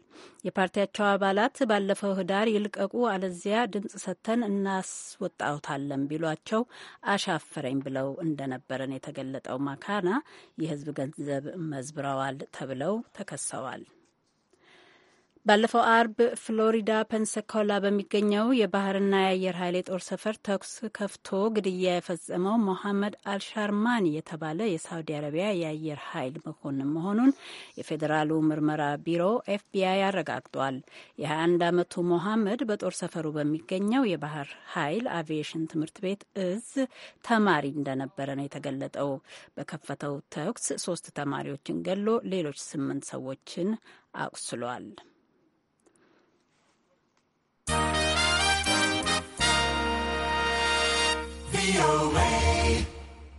የፓርቲያቸው አባላት ባለፈው ህዳር ይልቀቁ አለዚያ ድምጽ ሰጥተን እናስወጣውታለን ቢሏቸው አሻፈረኝ ብለው እንደነበር እንደነበረን የተገለጠው ማካና የህዝብ ገንዘብ መዝብረዋል ተብለው ተከሰዋል። ባለፈው አርብ ፍሎሪዳ ፐንሰኮላ በሚገኘው የባህርና የአየር ኃይል የጦር ሰፈር ተኩስ ከፍቶ ግድያ የፈጸመው ሞሐመድ አልሻርማኒ የተባለ የሳውዲ አረቢያ የአየር ኃይል መኮንን መሆኑን የፌዴራሉ ምርመራ ቢሮ ኤፍቢአይ አረጋግጧል። የ21 ዓመቱ ሞሐመድ በጦር ሰፈሩ በሚገኘው የባህር ኃይል አቪዬሽን ትምህርት ቤት እዝ ተማሪ እንደነበረ ነው የተገለጠው። በከፈተው ተኩስ ሶስት ተማሪዎችን ገሎ ሌሎች ስምንት ሰዎችን አቁስሏል።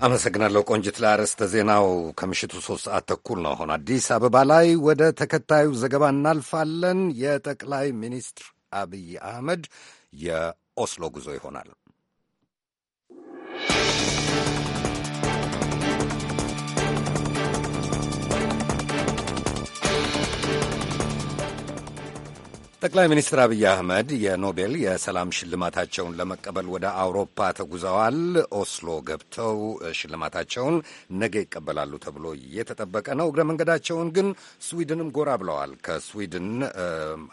አመሰግናለሁ ቆንጅት። ለአርዕስተ ዜናው ከምሽቱ ሶስት ሰዓት ተኩል ነው አሁን አዲስ አበባ ላይ። ወደ ተከታዩ ዘገባ እናልፋለን። የጠቅላይ ሚኒስትር አብይ አህመድ የኦስሎ ጉዞ ይሆናል። ጠቅላይ ሚኒስትር አብይ አህመድ የኖቤል የሰላም ሽልማታቸውን ለመቀበል ወደ አውሮፓ ተጉዘዋል። ኦስሎ ገብተው ሽልማታቸውን ነገ ይቀበላሉ ተብሎ እየተጠበቀ ነው። እግረ መንገዳቸውን ግን ስዊድንም ጎራ ብለዋል። ከስዊድን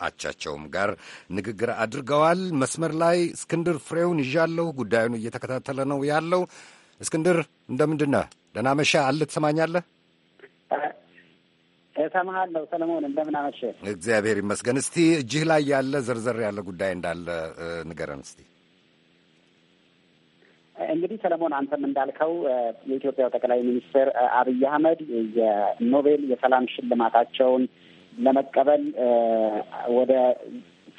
አቻቸውም ጋር ንግግር አድርገዋል። መስመር ላይ እስክንድር ፍሬውን ይዣለሁ። ጉዳዩን እየተከታተለ ነው ያለው። እስክንድር እንደምንድነ? ነህ? ደህና መሻ አልህ። ትሰማኛለህ? እሰማሃለሁ ሰለሞን፣ እንደምን አመሸ? እግዚአብሔር ይመስገን። እስቲ እጅህ ላይ ያለ ዝርዝር ያለ ጉዳይ እንዳለ ንገረን እስቲ። እንግዲህ ሰለሞን አንተም እንዳልከው የኢትዮጵያው ጠቅላይ ሚኒስትር አብይ አህመድ የኖቤል የሰላም ሽልማታቸውን ለመቀበል ወደ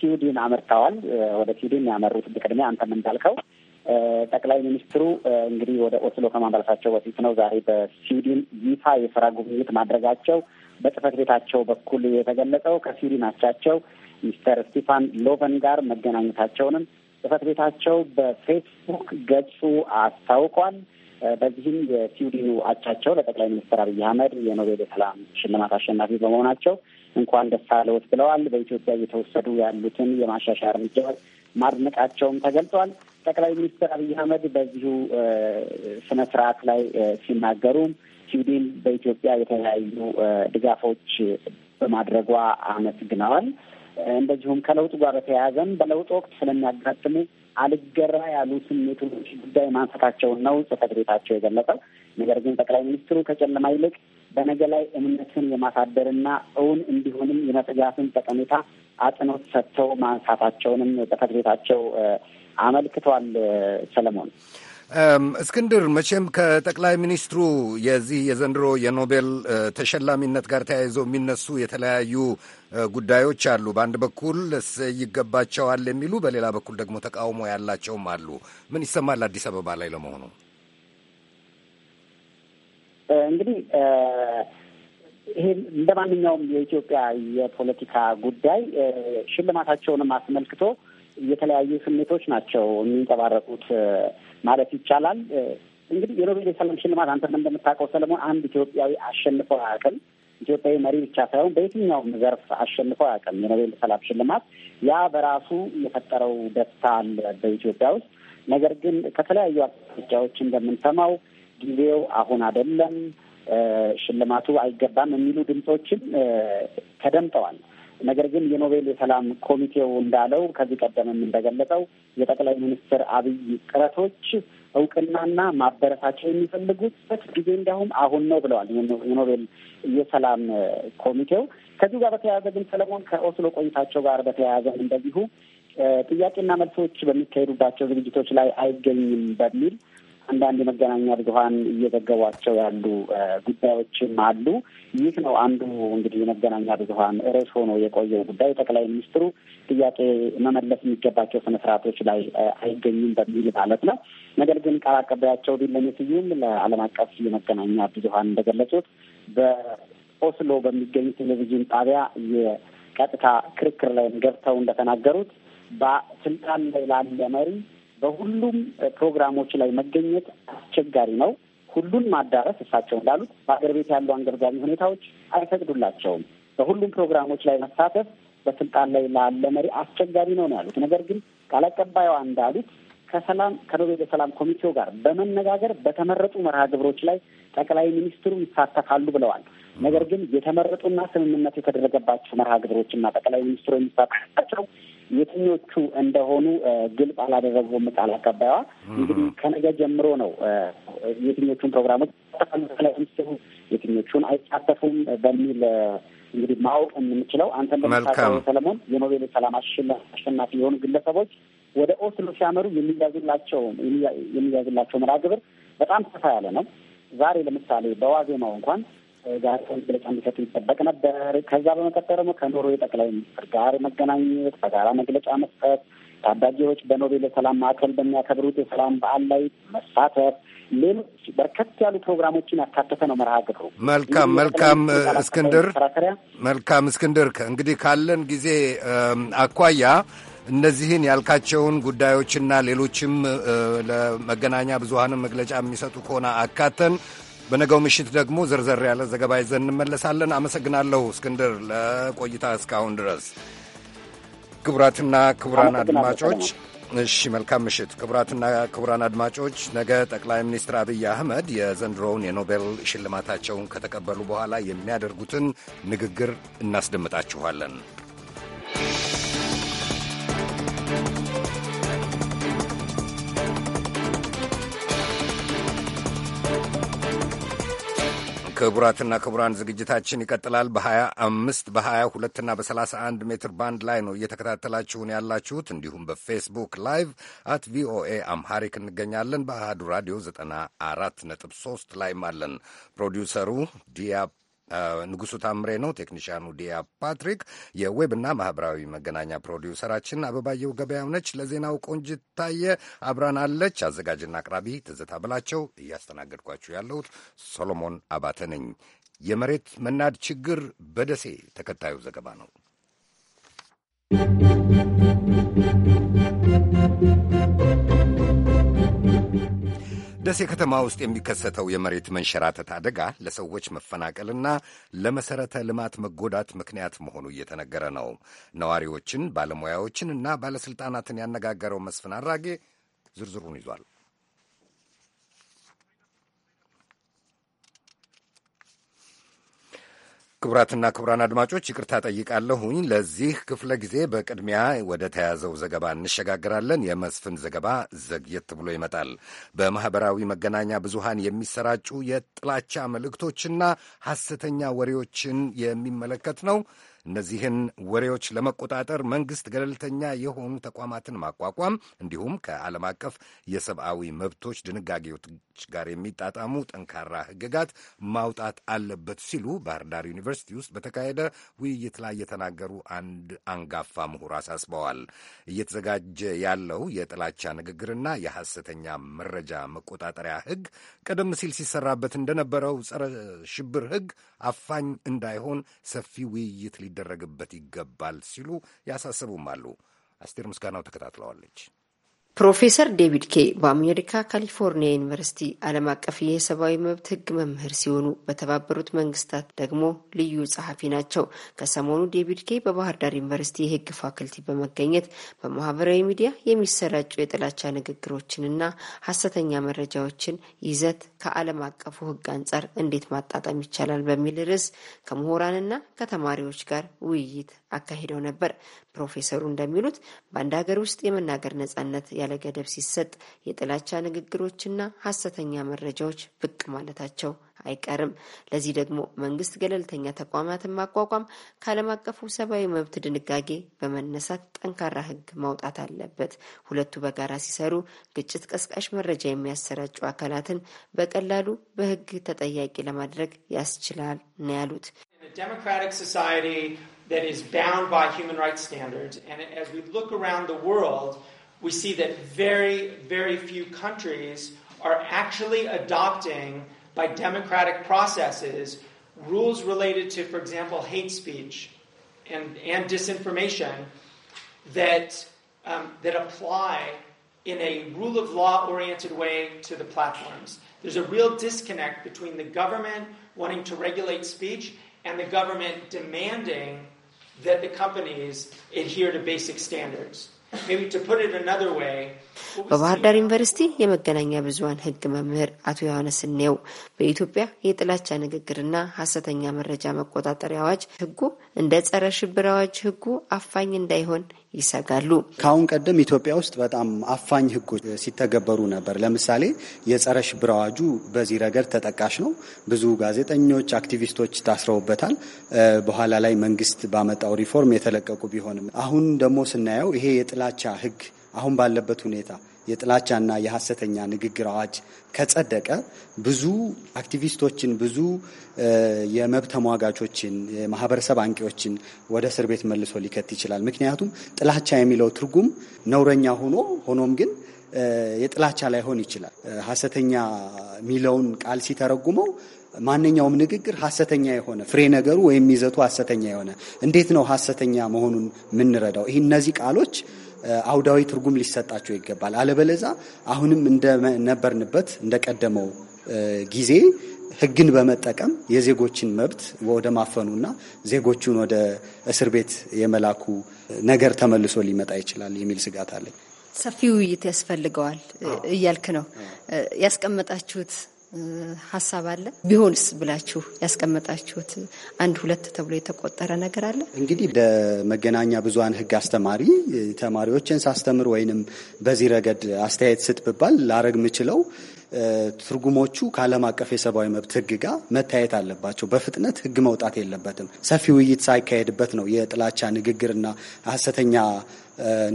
ስዊድን አመርተዋል። ወደ ስዊድን ያመሩት በቅድሚያ አንተም እንዳልከው ጠቅላይ ሚኒስትሩ እንግዲህ ወደ ኦስሎ ከማምራታቸው በፊት ነው ዛሬ በስዊድን ይፋ የስራ ጉብኝት ማድረጋቸው በጽህፈት ቤታቸው በኩል የተገለጸው ከስዊድን አቻቸው ሚስተር ስቲፋን ሎቨን ጋር መገናኘታቸውንም ጽህፈት ቤታቸው በፌስቡክ ገጹ አስታውቋል። በዚህም የስዊድኑ አቻቸው ለጠቅላይ ሚኒስትር አብይ አህመድ የኖቤል የሰላም ሽልማት አሸናፊ በመሆናቸው እንኳን ደስ አለዎት ብለዋል። በኢትዮጵያ እየተወሰዱ ያሉትን የማሻሻያ እርምጃዎች ማድነቃቸውም ተገልጿል። ጠቅላይ ሚኒስትር አብይ አህመድ በዚሁ ስነ ስርዓት ላይ ሲናገሩም ስዊድን በኢትዮጵያ የተለያዩ ድጋፎች በማድረጓ አመስግነዋል። እንደዚሁም ከለውጡ ጋር በተያያዘም በለውጥ ወቅት ስለሚያጋጥሙ አልገራ ያሉ ስሜቶች ጉዳይ ማንሳታቸውን ነው ጽህፈት ቤታቸው የገለጸው። ነገር ግን ጠቅላይ ሚኒስትሩ ከጨለማ ይልቅ በነገ ላይ እምነትን የማሳደርና እውን እንዲሆንም የመጽጋትን ጠቀሜታ አጽንኦት ሰጥተው ማንሳታቸውንም ጽህፈት ቤታቸው አመልክቷል። ሰለሞን እስክንድር፣ መቼም ከጠቅላይ ሚኒስትሩ የዚህ የዘንድሮ የኖቤል ተሸላሚነት ጋር ተያይዘው የሚነሱ የተለያዩ ጉዳዮች አሉ። በአንድ በኩል ይገባቸዋል የሚሉ፣ በሌላ በኩል ደግሞ ተቃውሞ ያላቸውም አሉ። ምን ይሰማል አዲስ አበባ ላይ ለመሆኑ? እንግዲህ ይሄ እንደ ማንኛውም የኢትዮጵያ የፖለቲካ ጉዳይ ሽልማታቸውንም አስመልክቶ የተለያዩ ስሜቶች ናቸው የሚንጸባረቁት። ማለት ይቻላል። እንግዲህ የኖቤል የሰላም ሽልማት አንተም እንደምታውቀው ሰለሞን፣ አንድ ኢትዮጵያዊ አሸንፈው አያውቅም። ኢትዮጵያዊ መሪ ብቻ ሳይሆን በየትኛውም ዘርፍ አሸንፈው አያውቅም የኖቤል ሰላም ሽልማት። ያ በራሱ የፈጠረው ደስታ አለ በኢትዮጵያ ውስጥ። ነገር ግን ከተለያዩ አቅጣጫዎች እንደምንሰማው ጊዜው አሁን አይደለም፣ ሽልማቱ አይገባም የሚሉ ድምፆችም ተደምጠዋል። ነገር ግን የኖቤል የሰላም ኮሚቴው እንዳለው ከዚህ ቀደምም እንደገለጸው የጠቅላይ ሚኒስትር አብይ ጥረቶች እውቅናና ማበረታቸው የሚፈልጉበት ጊዜ እንዲያውም አሁን ነው ብለዋል የኖቤል የሰላም ኮሚቴው። ከዚሁ ጋር በተያያዘ ግን ሰለሞን ከኦስሎ ቆይታቸው ጋር በተያያዘ እንደዚሁ ጥያቄና መልሶች በሚካሄዱባቸው ዝግጅቶች ላይ አይገኝም በሚል አንዳንድ የመገናኛ ብዙኃን እየዘገቧቸው ያሉ ጉዳዮችም አሉ። ይህ ነው አንዱ እንግዲህ የመገናኛ ብዙኃን ርዕስ ሆኖ የቆየው ጉዳይ ጠቅላይ ሚኒስትሩ ጥያቄ መመለስ የሚገባቸው ስነ ስርዓቶች ላይ አይገኙም በሚል ማለት ነው። ነገር ግን ቃል አቀባያቸው ቢለኔ ስዩም ለዓለም አቀፍ የመገናኛ ብዙኃን እንደገለጹት በኦስሎ በሚገኝ ቴሌቪዥን ጣቢያ የቀጥታ ክርክር ላይ ገብተው እንደተናገሩት በስልጣን ላይ ላለ መሪ በሁሉም ፕሮግራሞች ላይ መገኘት አስቸጋሪ ነው። ሁሉን ማዳረስ እሳቸው እንዳሉት በሀገር ቤት ያሉ አንገብጋቢ ሁኔታዎች አይፈቅዱላቸውም። በሁሉም ፕሮግራሞች ላይ መሳተፍ በስልጣን ላይ ላለ መሪ አስቸጋሪ ነው ነው ያሉት። ነገር ግን ቃል አቀባይዋ እንዳሉት ከሰላም ከኖቤል የሰላም ኮሚቴው ጋር በመነጋገር በተመረጡ መርሃ ግብሮች ላይ ጠቅላይ ሚኒስትሩ ይሳተፋሉ ብለዋል። ነገር ግን የተመረጡና ስምምነት የተደረገባቸው መርሃ ግብሮችና ጠቅላይ ሚኒስትሩ የሚሳተፉባቸው የትኞቹ እንደሆኑ ግልጽ አላደረጉም ቃል አቀባይዋ። እንግዲህ ከነገ ጀምሮ ነው የትኞቹን ፕሮግራሞች ላይ የትኞቹን አይሳተፉም በሚል እንግዲህ ማወቅ የምንችለው አንተ እንደምታውቀው ሰለሞን፣ የኖቤል ሰላም አሸናፊ የሆኑ ግለሰቦች ወደ ኦስሎ ሲያመሩ የሚያዝላቸው የሚያዝላቸው መርሃ ግብር በጣም ሰፋ ያለ ነው። ዛሬ ለምሳሌ በዋዜማው እንኳን ጋር መግለጫ እንዲሰጡ ይጠበቅ ነበር። ከዛ በመቀጠል ደግሞ ከኖርዌይ የጠቅላይ ሚኒስትር ጋር መገናኘት፣ በጋራ መግለጫ መስጠት፣ ታዳጊዎች በኖቤል የሰላም ማዕከል በሚያከብሩት የሰላም በዓል ላይ መሳተፍ ሌሎች በርከት ያሉ ፕሮግራሞችን ያካተተ ነው መርሃ ግብሩ። መልካም መልካም እስክንድር መልካም እስክንድር፣ እንግዲህ ካለን ጊዜ አኳያ እነዚህን ያልካቸውን ጉዳዮችና ሌሎችም ለመገናኛ ብዙሀንም መግለጫ የሚሰጡ ከሆነ አካተን በነገው ምሽት ደግሞ ዘርዘር ያለ ዘገባ ይዘን እንመለሳለን። አመሰግናለሁ እስክንድር ለቆይታ እስካሁን ድረስ። ክቡራትና ክቡራን አድማጮች እሺ፣ መልካም ምሽት ክቡራትና ክቡራን አድማጮች። ነገ ጠቅላይ ሚኒስትር አብይ አህመድ የዘንድሮውን የኖቤል ሽልማታቸውን ከተቀበሉ በኋላ የሚያደርጉትን ንግግር እናስደምጣችኋለን። ክቡራትና ክቡራን ዝግጅታችን ይቀጥላል። በ25 በ22 እና በ31 ሜትር ባንድ ላይ ነው እየተከታተላችሁን ያላችሁት። እንዲሁም በፌስቡክ ላይቭ አት ቪኦኤ አምሃሪክ እንገኛለን። በአህዱ ራዲዮ 94.3 ላይም አለን። ፕሮዲውሰሩ ዲያ ንጉሱ ታምሬ ነው። ቴክኒሽያኑ ዲያ ፓትሪክ፣ የዌብና ማህበራዊ መገናኛ ፕሮዲውሰራችን አበባየው ገበያው ነች። ለዜናው ቆንጅት ታየ አብራናለች። አዘጋጅና አቅራቢ ትዝታ ብላቸው፣ እያስተናገድኳችሁ ያለሁት ሶሎሞን አባተ ነኝ። የመሬት መናድ ችግር በደሴ ተከታዩ ዘገባ ነው። ደሴ ከተማ ውስጥ የሚከሰተው የመሬት መንሸራተት አደጋ ለሰዎች መፈናቀልና ለመሠረተ ልማት መጎዳት ምክንያት መሆኑ እየተነገረ ነው። ነዋሪዎችን፣ ባለሙያዎችን እና ባለሥልጣናትን ያነጋገረው መስፍን አራጌ ዝርዝሩን ይዟል። ክቡራትና ክቡራን አድማጮች ይቅርታ ጠይቃለሁኝ። ለዚህ ክፍለ ጊዜ በቅድሚያ ወደ ተያዘው ዘገባ እንሸጋግራለን። የመስፍን ዘገባ ዘግየት ብሎ ይመጣል። በማኅበራዊ መገናኛ ብዙሃን የሚሰራጩ የጥላቻ መልእክቶችና ሐሰተኛ ወሬዎችን የሚመለከት ነው። እነዚህን ወሬዎች ለመቆጣጠር መንግስት ገለልተኛ የሆኑ ተቋማትን ማቋቋም እንዲሁም ከዓለም አቀፍ የሰብአዊ መብቶች ድንጋጌዎች ጋር የሚጣጣሙ ጠንካራ ህግጋት ማውጣት አለበት ሲሉ ባህር ዳር ዩኒቨርሲቲ ውስጥ በተካሄደ ውይይት ላይ የተናገሩ አንድ አንጋፋ ምሁር አሳስበዋል። እየተዘጋጀ ያለው የጥላቻ ንግግርና የሐሰተኛ መረጃ መቆጣጠሪያ ህግ ቀደም ሲል ሲሰራበት እንደነበረው ጸረ ሽብር ህግ አፋኝ እንዳይሆን ሰፊ ውይይት ሊደ ሊደረግበት ይገባል ሲሉ ያሳስቡም አሉ። አስቴር ምስጋናው ተከታትለዋለች። ፕሮፌሰር ዴቪድ ኬ በአሜሪካ ካሊፎርኒያ ዩኒቨርሲቲ ዓለም አቀፍ የሰብአዊ መብት ሕግ መምህር ሲሆኑ በተባበሩት መንግስታት ደግሞ ልዩ ጸሐፊ ናቸው። ከሰሞኑ ዴቪድ ኬ በባህር ዳር ዩኒቨርሲቲ የሕግ ፋክልቲ በመገኘት በማህበራዊ ሚዲያ የሚሰራጩ የጥላቻ ንግግሮችንና ሐሰተኛ መረጃዎችን ይዘት ከዓለም አቀፉ ሕግ አንጻር እንዴት ማጣጣም ይቻላል በሚል ርዕስ ከምሁራንና ከተማሪዎች ጋር ውይይት አካሂደው ነበር። ፕሮፌሰሩ እንደሚሉት በአንድ ሀገር ውስጥ የመናገር ነጻነት ያለ ገደብ ሲሰጥ የጥላቻ ንግግሮችና ሀሰተኛ መረጃዎች ብቅ ማለታቸው አይቀርም። ለዚህ ደግሞ መንግስት ገለልተኛ ተቋማትን ማቋቋም ከዓለም አቀፉ ሰብአዊ መብት ድንጋጌ በመነሳት ጠንካራ ሕግ ማውጣት አለበት። ሁለቱ በጋራ ሲሰሩ ግጭት ቀስቃሽ መረጃ የሚያሰራጩ አካላትን በቀላሉ በሕግ ተጠያቂ ለማድረግ ያስችላል ነው ያሉት። that is bound by human rights standards. And as we look around the world, we see that very, very few countries are actually adopting, by democratic processes, rules related to, for example, hate speech and, and disinformation that, um, that apply in a rule of law oriented way to the platforms. There's a real disconnect between the government wanting to regulate speech and the government demanding that the companies adhere to basic standards. Maybe to put it another way, በባህር ዳር ዩኒቨርሲቲ የመገናኛ ብዙሀን ህግ መምህር አቶ ዮሐንስ እኔው በኢትዮጵያ የጥላቻ ንግግርና ሀሰተኛ መረጃ መቆጣጠሪያ አዋጅ ህጉ እንደ ጸረ ሽብር አዋጅ ህጉ አፋኝ እንዳይሆን ይሰጋሉ። ከአሁን ቀደም ኢትዮጵያ ውስጥ በጣም አፋኝ ህጎች ሲተገበሩ ነበር። ለምሳሌ የጸረ ሽብር አዋጁ በዚህ ረገድ ተጠቃሽ ነው። ብዙ ጋዜጠኞች፣ አክቲቪስቶች ታስረውበታል። በኋላ ላይ መንግስት ባመጣው ሪፎርም የተለቀቁ ቢሆንም አሁን ደግሞ ስናየው ይሄ የጥላቻ ህግ። አሁን ባለበት ሁኔታ የጥላቻና የሐሰተኛ ንግግር አዋጅ ከጸደቀ ብዙ አክቲቪስቶችን፣ ብዙ የመብት ተሟጋቾችን፣ የማህበረሰብ አንቂዎችን ወደ እስር ቤት መልሶ ሊከት ይችላል። ምክንያቱም ጥላቻ የሚለው ትርጉም ነውረኛ ሆኖ ሆኖም ግን የጥላቻ ላይሆን ይችላል። ሐሰተኛ የሚለውን ቃል ሲተረጉመው ማንኛውም ንግግር ሐሰተኛ የሆነ ፍሬ ነገሩ ወይም ይዘቱ ሐሰተኛ የሆነ እንዴት ነው ሐሰተኛ መሆኑን የምንረዳው? ይህ እነዚህ ቃሎች አውዳዊ ትርጉም ሊሰጣቸው ይገባል። አለበለዛ አሁንም እንደነበርንበት እንደቀደመው ጊዜ ህግን በመጠቀም የዜጎችን መብት ወደ ማፈኑና ዜጎቹን ወደ እስር ቤት የመላኩ ነገር ተመልሶ ሊመጣ ይችላል የሚል ስጋት አለኝ። ሰፊ ውይይት ያስፈልገዋል እያልክ ነው ያስቀመጣችሁት ሀሳብ አለ ቢሆንስ ብላችሁ ያስቀመጣችሁት አንድ ሁለት ተብሎ የተቆጠረ ነገር አለ? እንግዲህ ለመገናኛ መገናኛ ሕግ አስተማሪ ተማሪዎችን ሳስተምር ወይንም በዚህ ረገድ አስተያየት ስጥ ብባል ላረግ ምችለው ትርጉሞቹ ከዓለም አቀፍ የሰብአዊ መብት ህግ ጋር መታየት አለባቸው። በፍጥነት ህግ መውጣት የለበትም። ሰፊ ውይይት ሳይካሄድበት ነው የጥላቻ ንግግርና ሀሰተኛ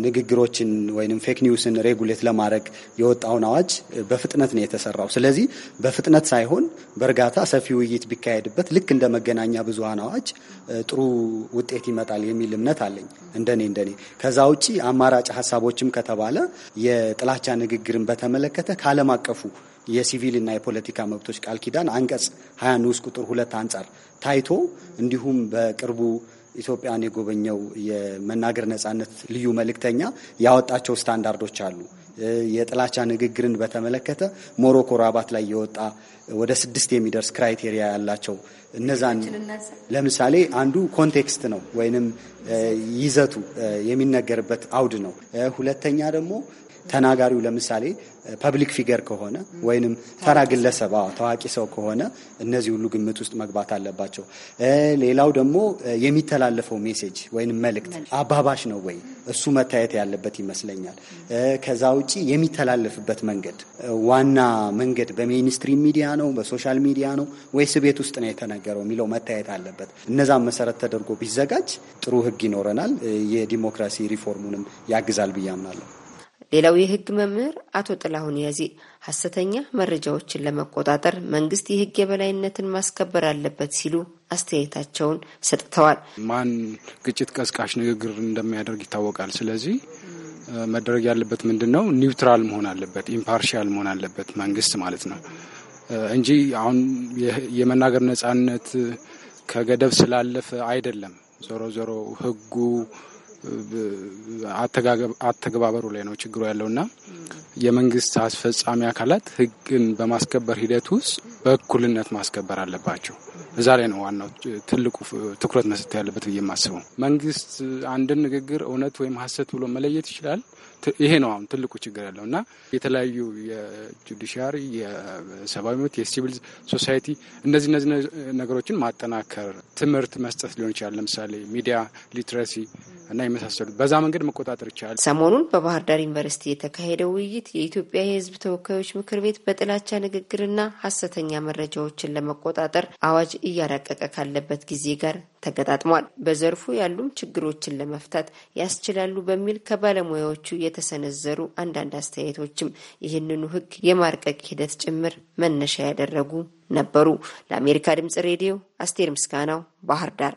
ንግግሮችን ወይም ፌክ ኒውስን ሬጉሌት ለማድረግ የወጣውን አዋጅ በፍጥነት ነው የተሰራው። ስለዚህ በፍጥነት ሳይሆን በእርጋታ ሰፊ ውይይት ቢካሄድበት ልክ እንደ መገናኛ ብዙሃን አዋጅ ጥሩ ውጤት ይመጣል የሚል እምነት አለኝ። እንደኔ እንደኔ ከዛ ውጪ አማራጭ ሀሳቦችም ከተባለ የጥላቻ ንግግርን በተመለከተ ከዓለም አቀፉ የሲቪልና የፖለቲካ መብቶች ቃል ኪዳን አንቀጽ 20 ንዑስ ቁጥር ሁለት አንጻር ታይቶ እንዲሁም በቅርቡ ኢትዮጵያን የጎበኘው የመናገር ነጻነት ልዩ መልእክተኛ ያወጣቸው ስታንዳርዶች አሉ። የጥላቻ ንግግርን በተመለከተ ሞሮኮ ራባት ላይ የወጣ ወደ ስድስት የሚደርስ ክራይቴሪያ ያላቸው እነዛን ለምሳሌ አንዱ ኮንቴክስት ነው ወይንም ይዘቱ የሚነገርበት አውድ ነው። ሁለተኛ ደግሞ ተናጋሪው ለምሳሌ ፐብሊክ ፊገር ከሆነ ወይንም ተራ ግለሰብ ታዋቂ ሰው ከሆነ እነዚህ ሁሉ ግምት ውስጥ መግባት አለባቸው። ሌላው ደግሞ የሚተላለፈው ሜሴጅ ወይንም መልእክት አባባሽ ነው ወይ እሱ መታየት ያለበት ይመስለኛል። ከዛ ውጪ የሚተላለፍበት መንገድ ዋና መንገድ በሜንስትሪም ሚዲያ ነው፣ በሶሻል ሚዲያ ነው ወይስ ቤት ውስጥ ነው የተነገረው የሚለው መታየት አለበት። እነዛም መሰረት ተደርጎ ቢዘጋጅ ጥሩ ህግ ይኖረናል። የዲሞክራሲ ሪፎርሙንም ያግዛል ብዬ አምናለሁ። ሌላው የህግ መምህር አቶ ጥላሁን ያዜ ሀሰተኛ መረጃዎችን ለመቆጣጠር መንግስት የህግ የበላይነትን ማስከበር አለበት ሲሉ አስተያየታቸውን ሰጥተዋል። ማን ግጭት ቀስቃሽ ንግግር እንደሚያደርግ ይታወቃል። ስለዚህ መደረግ ያለበት ምንድን ነው? ኒውትራል መሆን አለበት፣ ኢምፓርሻል መሆን አለበት መንግስት ማለት ነው እንጂ አሁን የመናገር ነጻነት ከገደብ ስላለፈ አይደለም። ዞሮ ዞሮ ህጉ አተገባበሩ ላይ ነው ችግሩ ያለው እና የመንግስት አስፈጻሚ አካላት ህግን በማስከበር ሂደት ውስጥ በእኩልነት ማስከበር አለባቸው። እዛ ላይ ነው ዋናው ትልቁ ትኩረት መስጠት ያለበት ብዬ የማስበው። መንግስት አንድን ንግግር እውነት ወይም ሀሰት ብሎ መለየት ይችላል። ይሄ ነው አሁን ትልቁ ችግር ያለው እና የተለያዩ የጁዲሻሪ የሰብአዊ መብት የሲቪል ሶሳይቲ እነዚህ እነዚህ ነገሮችን ማጠናከር ትምህርት መስጠት ሊሆን ይችላል። ለምሳሌ ሚዲያ ሊትረሲ እና የመሳሰሉት በዛ መንገድ መቆጣጠር ይቻላል። ሰሞኑን በባህር ዳር ዩኒቨርሲቲ የተካሄደው ውይይት የኢትዮጵያ የህዝብ ተወካዮች ምክር ቤት በጥላቻ ንግግርና ሀሰተኛ መረጃዎችን ለመቆጣጠር አዋጅ እያረቀቀ ካለበት ጊዜ ጋር ተገጣጥሟል። በዘርፉ ያሉም ችግሮችን ለመፍታት ያስችላሉ በሚል ከባለሙያዎቹ የተሰነዘሩ አንዳንድ አስተያየቶችም ይህንኑ ሕግ የማርቀቅ ሂደት ጭምር መነሻ ያደረጉ ነበሩ። ለአሜሪካ ድምጽ ሬዲዮ አስቴር ምስጋናው ባህር ዳር።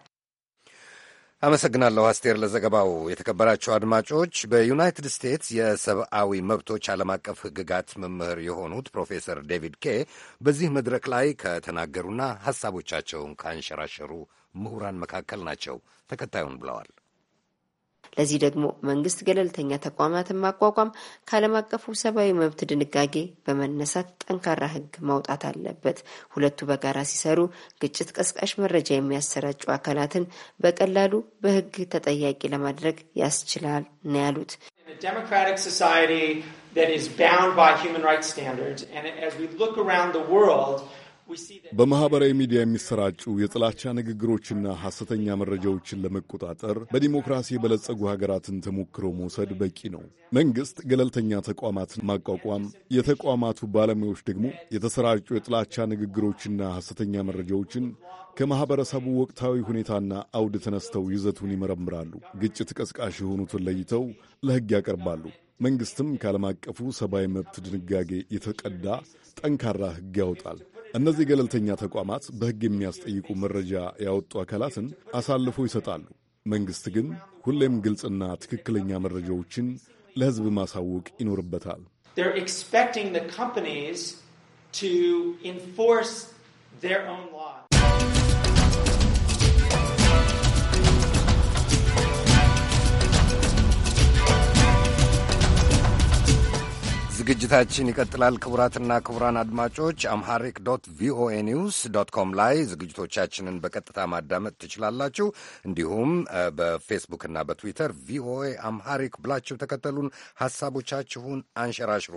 አመሰግናለሁ አስቴር ለዘገባው። የተከበራቸው አድማጮች በዩናይትድ ስቴትስ የሰብአዊ መብቶች ዓለም አቀፍ ሕግጋት መምህር የሆኑት ፕሮፌሰር ዴቪድ ኬ በዚህ መድረክ ላይ ከተናገሩና ሐሳቦቻቸውን ካንሸራሸሩ ምሁራን መካከል ናቸው። ተከታዩን ብለዋል። ለዚህ ደግሞ መንግስት ገለልተኛ ተቋማትን ማቋቋም ከዓለም አቀፉ ሰብአዊ መብት ድንጋጌ በመነሳት ጠንካራ ሕግ ማውጣት አለበት። ሁለቱ በጋራ ሲሰሩ ግጭት ቀስቃሽ መረጃ የሚያሰራጩ አካላትን በቀላሉ በሕግ ተጠያቂ ለማድረግ ያስችላል ነው ያሉት። በማኅበራዊ ሚዲያ የሚሰራጩ የጥላቻ ንግግሮችና ሐሰተኛ መረጃዎችን ለመቆጣጠር በዲሞክራሲ የበለጸጉ ሀገራትን ተሞክሮ መውሰድ በቂ ነው። መንግሥት ገለልተኛ ተቋማትን ማቋቋም፣ የተቋማቱ ባለሙያዎች ደግሞ የተሰራጩ የጥላቻ ንግግሮችና ሐሰተኛ መረጃዎችን ከማኅበረሰቡ ወቅታዊ ሁኔታና አውድ ተነስተው ይዘቱን ይመረምራሉ። ግጭት ቀስቃሽ የሆኑትን ለይተው ለሕግ ያቀርባሉ። መንግሥትም ከዓለም አቀፉ ሰብአዊ መብት ድንጋጌ የተቀዳ ጠንካራ ሕግ ያወጣል። እነዚህ ገለልተኛ ተቋማት በሕግ የሚያስጠይቁ መረጃ ያወጡ አካላትን አሳልፎ ይሰጣሉ። መንግሥት ግን ሁሌም ግልጽና ትክክለኛ መረጃዎችን ለሕዝብ ማሳወቅ ይኖርበታል። ዝግጅታችን ይቀጥላል። ክቡራትና ክቡራን አድማጮች አምሐሪክ ዶት ቪኦኤ ኒውስ ዶት ኮም ላይ ዝግጅቶቻችንን በቀጥታ ማዳመጥ ትችላላችሁ። እንዲሁም በፌስቡክና በትዊተር ቪኦኤ አምሐሪክ ብላችሁ ተከተሉን፣ ሐሳቦቻችሁን አንሸራሽሩ።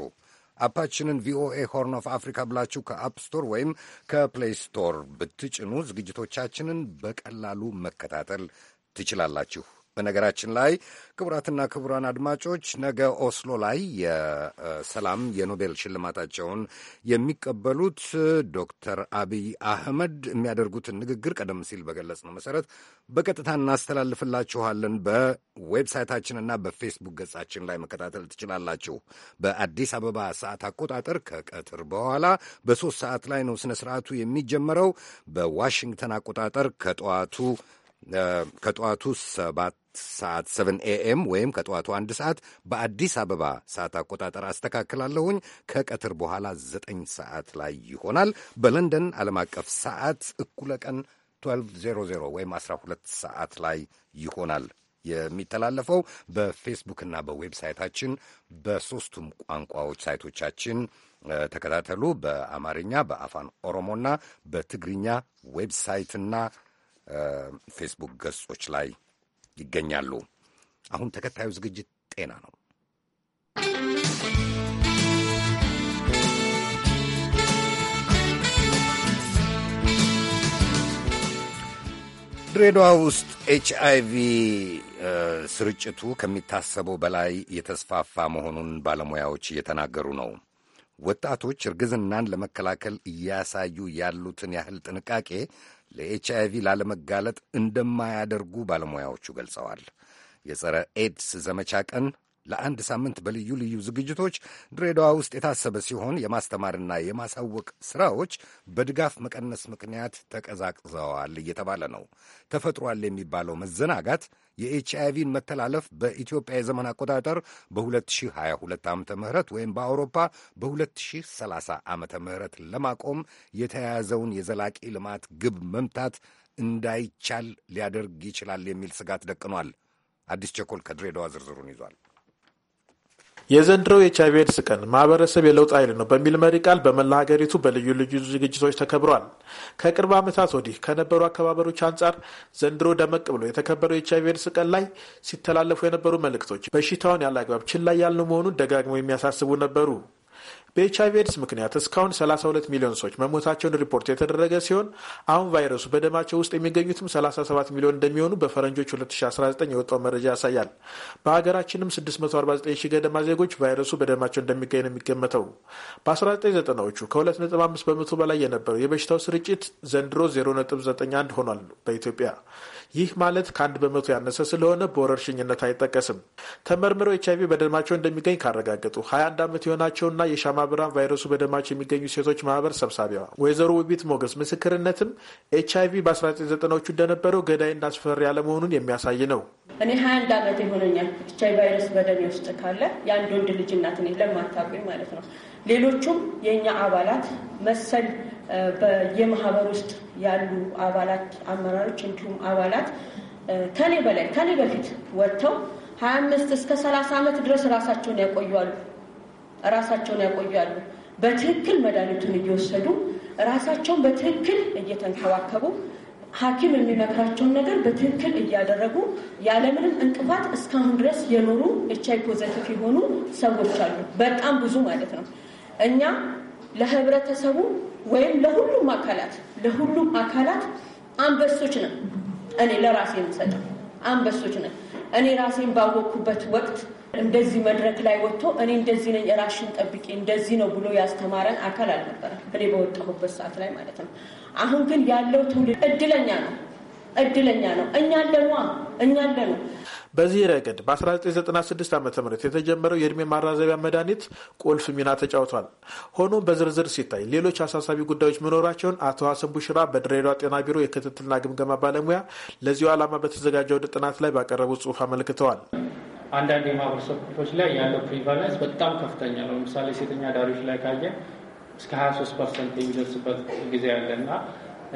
አፓችንን ቪኦኤ ሆርን ኦፍ አፍሪካ ብላችሁ ከአፕ ስቶር ወይም ከፕሌይ ስቶር ብትጭኑ ዝግጅቶቻችንን በቀላሉ መከታተል ትችላላችሁ። በነገራችን ላይ ክቡራትና ክቡራን አድማጮች ነገ ኦስሎ ላይ የሰላም የኖቤል ሽልማታቸውን የሚቀበሉት ዶክተር አብይ አህመድ የሚያደርጉትን ንግግር ቀደም ሲል በገለጽነው መሰረት በቀጥታ እናስተላልፍላችኋለን። በዌብሳይታችንና በፌስቡክ ገጻችን ላይ መከታተል ትችላላችሁ። በአዲስ አበባ ሰዓት አቆጣጠር ከቀትር በኋላ በሶስት ሰዓት ላይ ነው ስነ ስርዓቱ የሚጀመረው። በዋሽንግተን አቆጣጠር ከጠዋቱ ከጠዋቱ ሰባት ሰዓት ሰቨን ኤኤም ወይም ከጠዋቱ አንድ ሰዓት በአዲስ አበባ ሰዓት አቆጣጠር አስተካክላለሁኝ። ከቀትር በኋላ ዘጠኝ ሰዓት ላይ ይሆናል። በለንደን ዓለም አቀፍ ሰዓት እኩለ ቀን 1200 ወይም 12 ሰዓት ላይ ይሆናል የሚተላለፈው በፌስቡክና በዌብሳይታችን በሶስቱም ቋንቋዎች ሳይቶቻችን ተከታተሉ። በአማርኛ፣ በአፋን ኦሮሞና በትግርኛ ዌብሳይትና ፌስቡክ ገጾች ላይ ይገኛሉ። አሁን ተከታዩ ዝግጅት ጤና ነው። ድሬዳዋ ውስጥ ኤች አይቪ ስርጭቱ ከሚታሰበው በላይ የተስፋፋ መሆኑን ባለሙያዎች እየተናገሩ ነው። ወጣቶች እርግዝናን ለመከላከል እያሳዩ ያሉትን ያህል ጥንቃቄ ለኤች አይቪ ላለመጋለጥ እንደማያደርጉ ባለሙያዎቹ ገልጸዋል። የጸረ ኤድስ ዘመቻ ቀን ለአንድ ሳምንት በልዩ ልዩ ዝግጅቶች ድሬዳዋ ውስጥ የታሰበ ሲሆን የማስተማርና የማሳወቅ ስራዎች በድጋፍ መቀነስ ምክንያት ተቀዛቅዘዋል እየተባለ ነው። ተፈጥሯል የሚባለው መዘናጋት የኤች አይቪን መተላለፍ በኢትዮጵያ የዘመን አቆጣጠር በ2022 ዓ ም ወይም በአውሮፓ በ2030 ዓ ም ለማቆም የተያያዘውን የዘላቂ ልማት ግብ መምታት እንዳይቻል ሊያደርግ ይችላል የሚል ስጋት ደቅኗል። አዲስ ቸኮል ከድሬዳዋ ዝርዝሩን ይዟል። የዘንድሮው የኤች አይቪ ኤድስ ቀን ማህበረሰብ የለውጥ ኃይል ነው በሚል መሪ ቃል በመላ ሀገሪቱ በልዩ ልዩ ዝግጅቶች ተከብሯል። ከቅርብ ዓመታት ወዲህ ከነበሩ አከባበሮች አንጻር ዘንድሮ ደመቅ ብሎ የተከበረው የኤች አይቪ ኤድስ ቀን ላይ ሲተላለፉ የነበሩ መልእክቶች በሽታውን ያለ አግባብ ችላ ያልነው መሆኑን ደጋግመው የሚያሳስቡ ነበሩ። በኤች አይቪ ኤድስ ምክንያት እስካሁን 32 ሚሊዮን ሰዎች መሞታቸውን ሪፖርት የተደረገ ሲሆን አሁን ቫይረሱ በደማቸው ውስጥ የሚገኙትም 37 ሚሊዮን እንደሚሆኑ በፈረንጆች 2019 የወጣው መረጃ ያሳያል። በሀገራችንም 649 ሺህ ገደማ ዜጎች ቫይረሱ በደማቸው እንደሚገኝ ነው የሚገመተው። በ1990ዎቹ ከ2.5 በመቶ በላይ የነበረው የበሽታው ስርጭት ዘንድሮ 0.91 ሆኗል በኢትዮጵያ ይህ ማለት ከአንድ በመቶ ያነሰ ስለሆነ በወረርሽኝነት አይጠቀስም። ተመርምረው ኤች አይቪ በደማቸው እንደሚገኝ ካረጋገጡ 21 ዓመት የሆናቸውና የሻማ ማህበራን ቫይረሱ በደማቸው የሚገኙ ሴቶች ማህበር ሰብሳቢዋ ወይዘሮ ውቢት ሞገስ ምስክርነትም ኤች አይቪ በ1990ዎቹ እንደነበረው ገዳይና አስፈሪ ያለመሆኑን የሚያሳይ ነው። እኔ ሀያ አንድ ዓመት የሆነኛል። ኤች አይ ቫይረስ በደሜ ውስጥ ካለ የአንድ ወንድ ልጅ እናት እኔ ለማታውቁኝ ማለት ነው። ሌሎቹም የእኛ አባላት መሰል በየማህበር ውስጥ ያሉ አባላት አመራሮች፣ እንዲሁም አባላት ከኔ በላይ ከኔ በፊት ወጥተው ሀያ አምስት እስከ ሰላሳ ዓመት ድረስ ራሳቸውን ያቆያሉ። ራሳቸውን ያቆያሉ። በትክክል መድኃኒቱን እየወሰዱ ራሳቸውን በትክክል እየተንከባከቡ ሐኪም የሚመክራቸውን ነገር በትክክል እያደረጉ ያለምንም እንቅፋት እስካሁን ድረስ የኖሩ ኤች አይ ፖዘቲቭ የሆኑ ሰዎች አሉ። በጣም ብዙ ማለት ነው። እኛ ለህብረተሰቡ ወይም ለሁሉም አካላት ለሁሉም አካላት አንበሶች ነን። እኔ ለራሴ የምሰጠው አንበሶች ነን። እኔ ራሴን ባወቅኩበት ወቅት እንደዚህ መድረክ ላይ ወጥቶ እኔ እንደዚህ ነኝ ራሽን ጠብቄ እንደዚህ ነው ብሎ ያስተማረን አካል አልነበረም። እኔ በወጣሁበት ሰዓት ላይ ማለት ነው። አሁን ግን ያለው ትውልድ እድለኛ ነው እድለኛ ነው። እኛ አለኗ እኛ አለኑ። በዚህ ረገድ በ1996 ዓ ም የተጀመረው የእድሜ ማራዘቢያ መድኃኒት ቁልፍ ሚና ተጫውቷል። ሆኖም በዝርዝር ሲታይ ሌሎች አሳሳቢ ጉዳዮች መኖራቸውን አቶ ሀሰን ቡሽራ በድሬዳዋ ጤና ቢሮ የክትትልና ግምገማ ባለሙያ ለዚሁ ዓላማ በተዘጋጀው ጥናት ላይ ባቀረቡት ጽሑፍ አመልክተዋል። አንዳንድ የማህበረሰብ ክፍሎች ላይ ያለው ፕሪቫለንስ በጣም ከፍተኛ ነው። ለምሳሌ ሴተኛ አዳሪዎች ላይ ካየ እስከ 23 ፐርሰንት የሚደርስበት ጊዜ አለ እና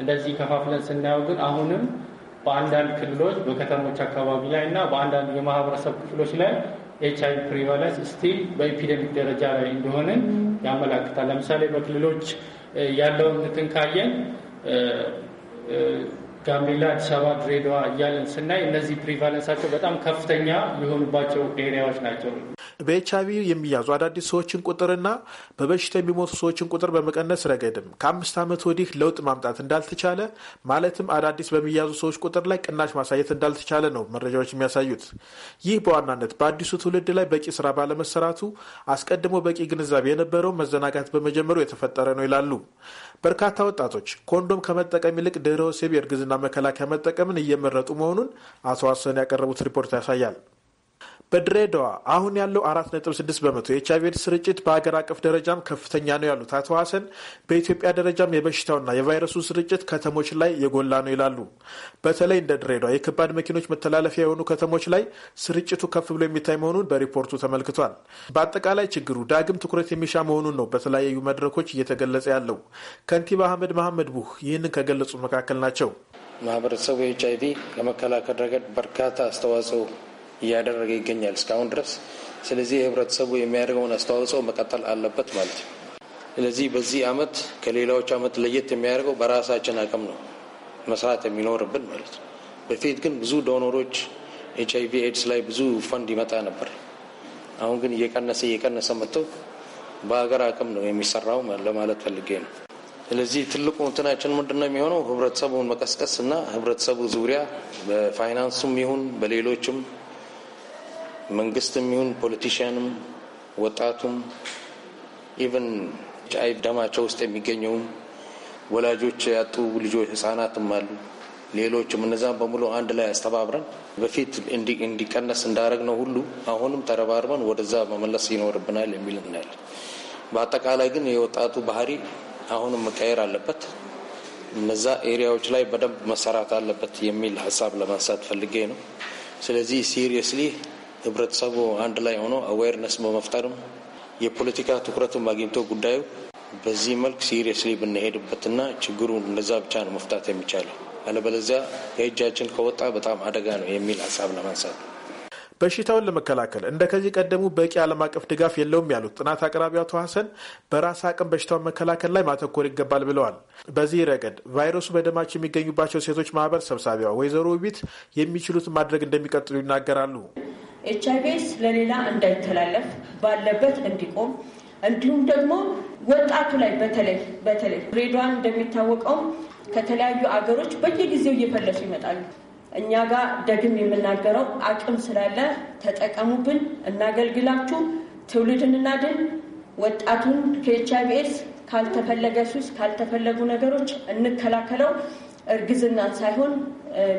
እንደዚህ ከፋፍለን ስናየው ግን አሁንም በአንዳንድ ክልሎች በከተሞች አካባቢ ላይ እና በአንዳንድ የማህበረሰብ ክፍሎች ላይ ኤች አይቪ ፕሪቫለንስ ስቲል በኢፒደሚክ ደረጃ ላይ እንደሆንን ያመላክታል። ለምሳሌ በክልሎች ያለውን እንትን ካየን ጋምቤላ፣ አዲስ አበባ፣ ድሬዳዋ እያለን ስናይ እነዚህ ፕሪቫለንሳቸው በጣም ከፍተኛ የሆኑባቸው ኤሪያዎች ናቸው። በኤች አይቪ የሚያዙ አዳዲስ ሰዎችን ቁጥርና በበሽታ የሚሞቱ ሰዎችን ቁጥር በመቀነስ ረገድም ከአምስት ዓመት ወዲህ ለውጥ ማምጣት እንዳልተቻለ ማለትም አዳዲስ በሚያዙ ሰዎች ቁጥር ላይ ቅናሽ ማሳየት እንዳልተቻለ ነው መረጃዎች የሚያሳዩት። ይህ በዋናነት በአዲሱ ትውልድ ላይ በቂ ስራ ባለመሰራቱ አስቀድሞ በቂ ግንዛቤ የነበረው መዘናጋት በመጀመሩ የተፈጠረ ነው ይላሉ። በርካታ ወጣቶች ኮንዶም ከመጠቀም ይልቅ ድህረ ወሲብ የእርግዝና መከላከያ መጠቀምን እየመረጡ መሆኑን አቶ ዋሰን ያቀረቡት ሪፖርት ያሳያል። በድሬዳዋ አሁን ያለው አራት ነጥብ ስድስት በመቶ የኤች አይቪ ኤድስ ስርጭት በሀገር አቀፍ ደረጃም ከፍተኛ ነው ያሉት አቶ ሀሰን በኢትዮጵያ ደረጃም የበሽታውና የቫይረሱ ስርጭት ከተሞች ላይ የጎላ ነው ይላሉ። በተለይ እንደ ድሬዳዋ የከባድ መኪኖች መተላለፊያ የሆኑ ከተሞች ላይ ስርጭቱ ከፍ ብሎ የሚታይ መሆኑን በሪፖርቱ ተመልክቷል። በአጠቃላይ ችግሩ ዳግም ትኩረት የሚሻ መሆኑን ነው በተለያዩ መድረኮች እየተገለጸ ያለው። ከንቲባ አህመድ መሐመድ ቡህ ይህንን ከገለጹ መካከል ናቸው። ማህበረሰቡ የኤች ለመከላከል ረገድ በርካታ አስተዋጽኦ እያደረገ ይገኛል እስካሁን ድረስ። ስለዚህ ህብረተሰቡ የሚያደርገውን አስተዋጽኦ መቀጠል አለበት ማለት ነው። ስለዚህ በዚህ አመት ከሌላዎች አመት ለየት የሚያደርገው በራሳችን አቅም ነው መስራት የሚኖርብን ማለት ነው። በፊት ግን ብዙ ዶኖሮች ኤች አይቪ ኤድስ ላይ ብዙ ፈንድ ይመጣ ነበር። አሁን ግን እየቀነሰ እየቀነሰ መጥተው በሀገር አቅም ነው የሚሰራው ለማለት ፈልጌ ነው። ስለዚህ ትልቁ እንትናችን ምንድን ነው የሚሆነው? ህብረተሰቡን መቀስቀስ እና ህብረተሰቡ ዙሪያ በፋይናንሱም ይሁን በሌሎችም መንግስትም ይሁን ፖለቲሽያንም ወጣቱም ኢቨን ጫይ ደማቸው ውስጥ የሚገኘውም ወላጆች ያጡ ልጆች ህጻናትም አሉ። ሌሎችም እነዛም በሙሉ አንድ ላይ አስተባብረን በፊት እንዲቀነስ ነው ሁሉ አሁንም ተረባርበን ወደዛ መመለስ ይኖርብናል የሚል እናያለን። በአጠቃላይ ግን የወጣቱ ባህሪ አሁንም መቀየር አለበት። እነዛ ኤሪያዎች ላይ በደንብ መሰራት አለበት የሚል ሀሳብ ለማንሳት ፈልጌ ነው። ስለዚህ ሲሪየስሊ ህብረተሰቡ አንድ ላይ ሆኖ አዌርነስ በመፍጠርም የፖለቲካ ትኩረትም አግኝቶ ጉዳዩ በዚህ መልክ ሲሪየስሊ ብንሄድበትና ችግሩ እንደዛ ብቻ ነው መፍታት የሚቻለው። አለበለዚያ የእጃችን ከወጣ በጣም አደጋ ነው የሚል ሀሳብ ለማንሳት በሽታውን ለመከላከል እንደ ከዚህ ቀደሙ በቂ ዓለም አቀፍ ድጋፍ የለውም ያሉት ጥናት አቅራቢ አቶ ሀሰን በራስ አቅም በሽታውን መከላከል ላይ ማተኮር ይገባል ብለዋል። በዚህ ረገድ ቫይረሱ በደማቸው የሚገኙባቸው ሴቶች ማህበር ሰብሳቢዋ ወይዘሮ ውቢት የሚችሉትን ማድረግ እንደሚቀጥሉ ይናገራሉ። ኤች አይቪ ለሌላ እንዳይተላለፍ ባለበት እንዲቆም እንዲሁም ደግሞ ወጣቱ ላይ በተለይ በተለይ ሬዷን እንደሚታወቀው ከተለያዩ አገሮች በየጊዜው እየፈለሱ ይመጣሉ። እኛ ጋር ደግም የምናገረው አቅም ስላለ ተጠቀሙብን፣ እናገልግላችሁ፣ ትውልድን እናድን፣ ወጣቱን ከኤች አይቪ ኤድስ ካልተፈለገ ሱስ፣ ካልተፈለጉ ነገሮች እንከላከለው። እርግዝናን ሳይሆን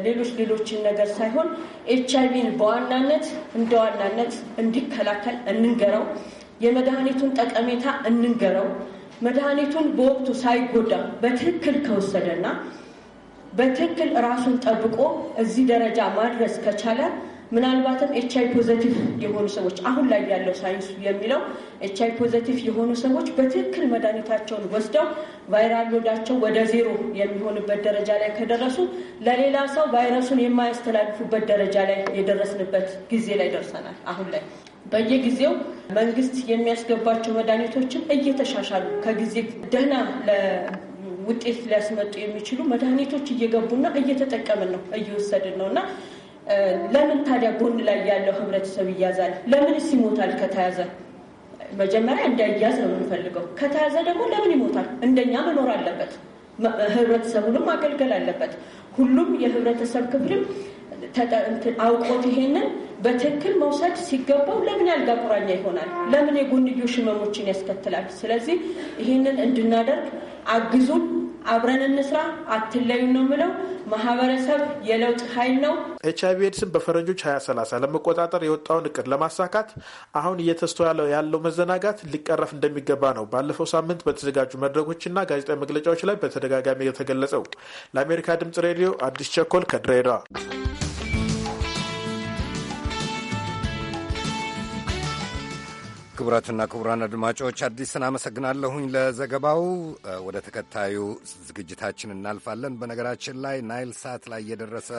ሌሎች ሌሎችን ነገር ሳይሆን ኤች አይቪን በዋናነት እንደ ዋናነት እንዲከላከል እንንገረው። የመድኃኒቱን ጠቀሜታ እንንገረው። መድኃኒቱን በወቅቱ ሳይጎዳ በትክክል ከወሰደና በትክክል ራሱን ጠብቆ እዚህ ደረጃ ማድረስ ከቻለ ምናልባትም ኤች አይ ፖዘቲቭ የሆኑ ሰዎች አሁን ላይ ያለው ሳይንሱ የሚለው ኤች አይ ፖዘቲቭ የሆኑ ሰዎች በትክክል መድኃኒታቸውን ወስደው ቫይራል ሎዳቸው ወደ ዜሮ የሚሆንበት ደረጃ ላይ ከደረሱ ለሌላ ሰው ቫይረሱን የማያስተላልፉበት ደረጃ ላይ የደረስንበት ጊዜ ላይ ደርሰናል። አሁን ላይ በየጊዜው መንግስት የሚያስገባቸው መድኃኒቶችም እየተሻሻሉ ከጊዜ ደህና ውጤት ሊያስመጡ የሚችሉ መድኃኒቶች እየገቡና እየተጠቀምን ነው እየወሰድን ነው እና ለምን ታዲያ ጎን ላይ ያለው ህብረተሰብ ይያዛል? ለምንስ ይሞታል ከተያዘ? መጀመሪያ እንዳያዝ ነው የምንፈልገው። ከተያዘ ደግሞ ለምን ይሞታል? እንደኛ መኖር አለበት። ህብረተሰቡንም ማገልገል አለበት። ሁሉም የህብረተሰብ ክፍልም አውቆት ይሄንን በትክክል መውሰድ ሲገባው ለምን ያልጋ ቁራኛ ይሆናል? ለምን የጎንዮሽ ህመሞችን ያስከትላል? ስለዚህ ይህንን እንድናደርግ አግዙን፣ አብረን እንስራ፣ አትለዩ ነው ምለው ማህበረሰብ የለውጥ ኃይል ነው። ኤች አይቪ ኤድስን በፈረንጆች ሰላሳ ለመቆጣጠር የወጣውን እቅድ ለማሳካት አሁን እየተስተዋለ ያለው መዘናጋት ሊቀረፍ እንደሚገባ ነው ባለፈው ሳምንት በተዘጋጁ መድረኮችና ጋዜጣዊ መግለጫዎች ላይ በተደጋጋሚ የተገለጸው። ለአሜሪካ ድምጽ ሬዲዮ አዲስ ቸኮል ከድሬዳዋ ክቡራትና ክቡራን አድማጮች አዲስን አመሰግናለሁኝ ለዘገባው። ወደ ተከታዩ ዝግጅታችን እናልፋለን። በነገራችን ላይ ናይል ሳት ላይ እየደረሰ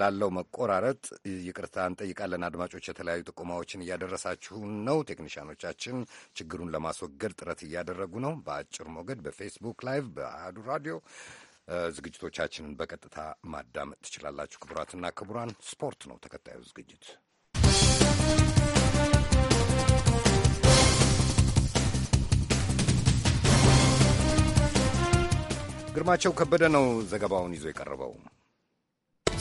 ላለው መቆራረጥ ይቅርታ እንጠይቃለን። አድማጮች የተለያዩ ጥቆማዎችን እያደረሳችሁን ነው። ቴክኒሽያኖቻችን ችግሩን ለማስወገድ ጥረት እያደረጉ ነው። በአጭር ሞገድ በፌስቡክ ላይቭ በአህዱ ራዲዮ ዝግጅቶቻችንን በቀጥታ ማዳመጥ ትችላላችሁ። ክቡራትና ክቡራን ስፖርት ነው ተከታዩ ዝግጅት። ግርማቸው ከበደ ነው ዘገባውን ይዞ የቀረበው።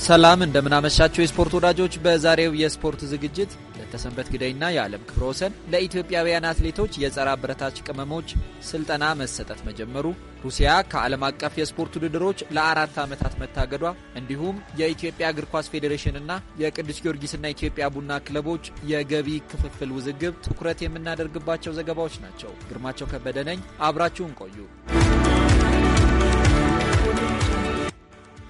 ሰላም እንደምናመሻቸው የስፖርት ወዳጆች፣ በዛሬው የስፖርት ዝግጅት ለተሰንበት ግዳይና የዓለም ክብረ ወሰን ለኢትዮጵያውያን አትሌቶች የጸረ አበረታች ቅመሞች ስልጠና መሰጠት መጀመሩ፣ ሩሲያ ከዓለም አቀፍ የስፖርት ውድድሮች ለአራት ዓመታት መታገዷ፣ እንዲሁም የኢትዮጵያ እግር ኳስ ፌዴሬሽንና የቅዱስ ጊዮርጊስና ኢትዮጵያ ቡና ክለቦች የገቢ ክፍፍል ውዝግብ ትኩረት የምናደርግባቸው ዘገባዎች ናቸው። ግርማቸው ከበደ ነኝ። አብራችሁን ቆዩ።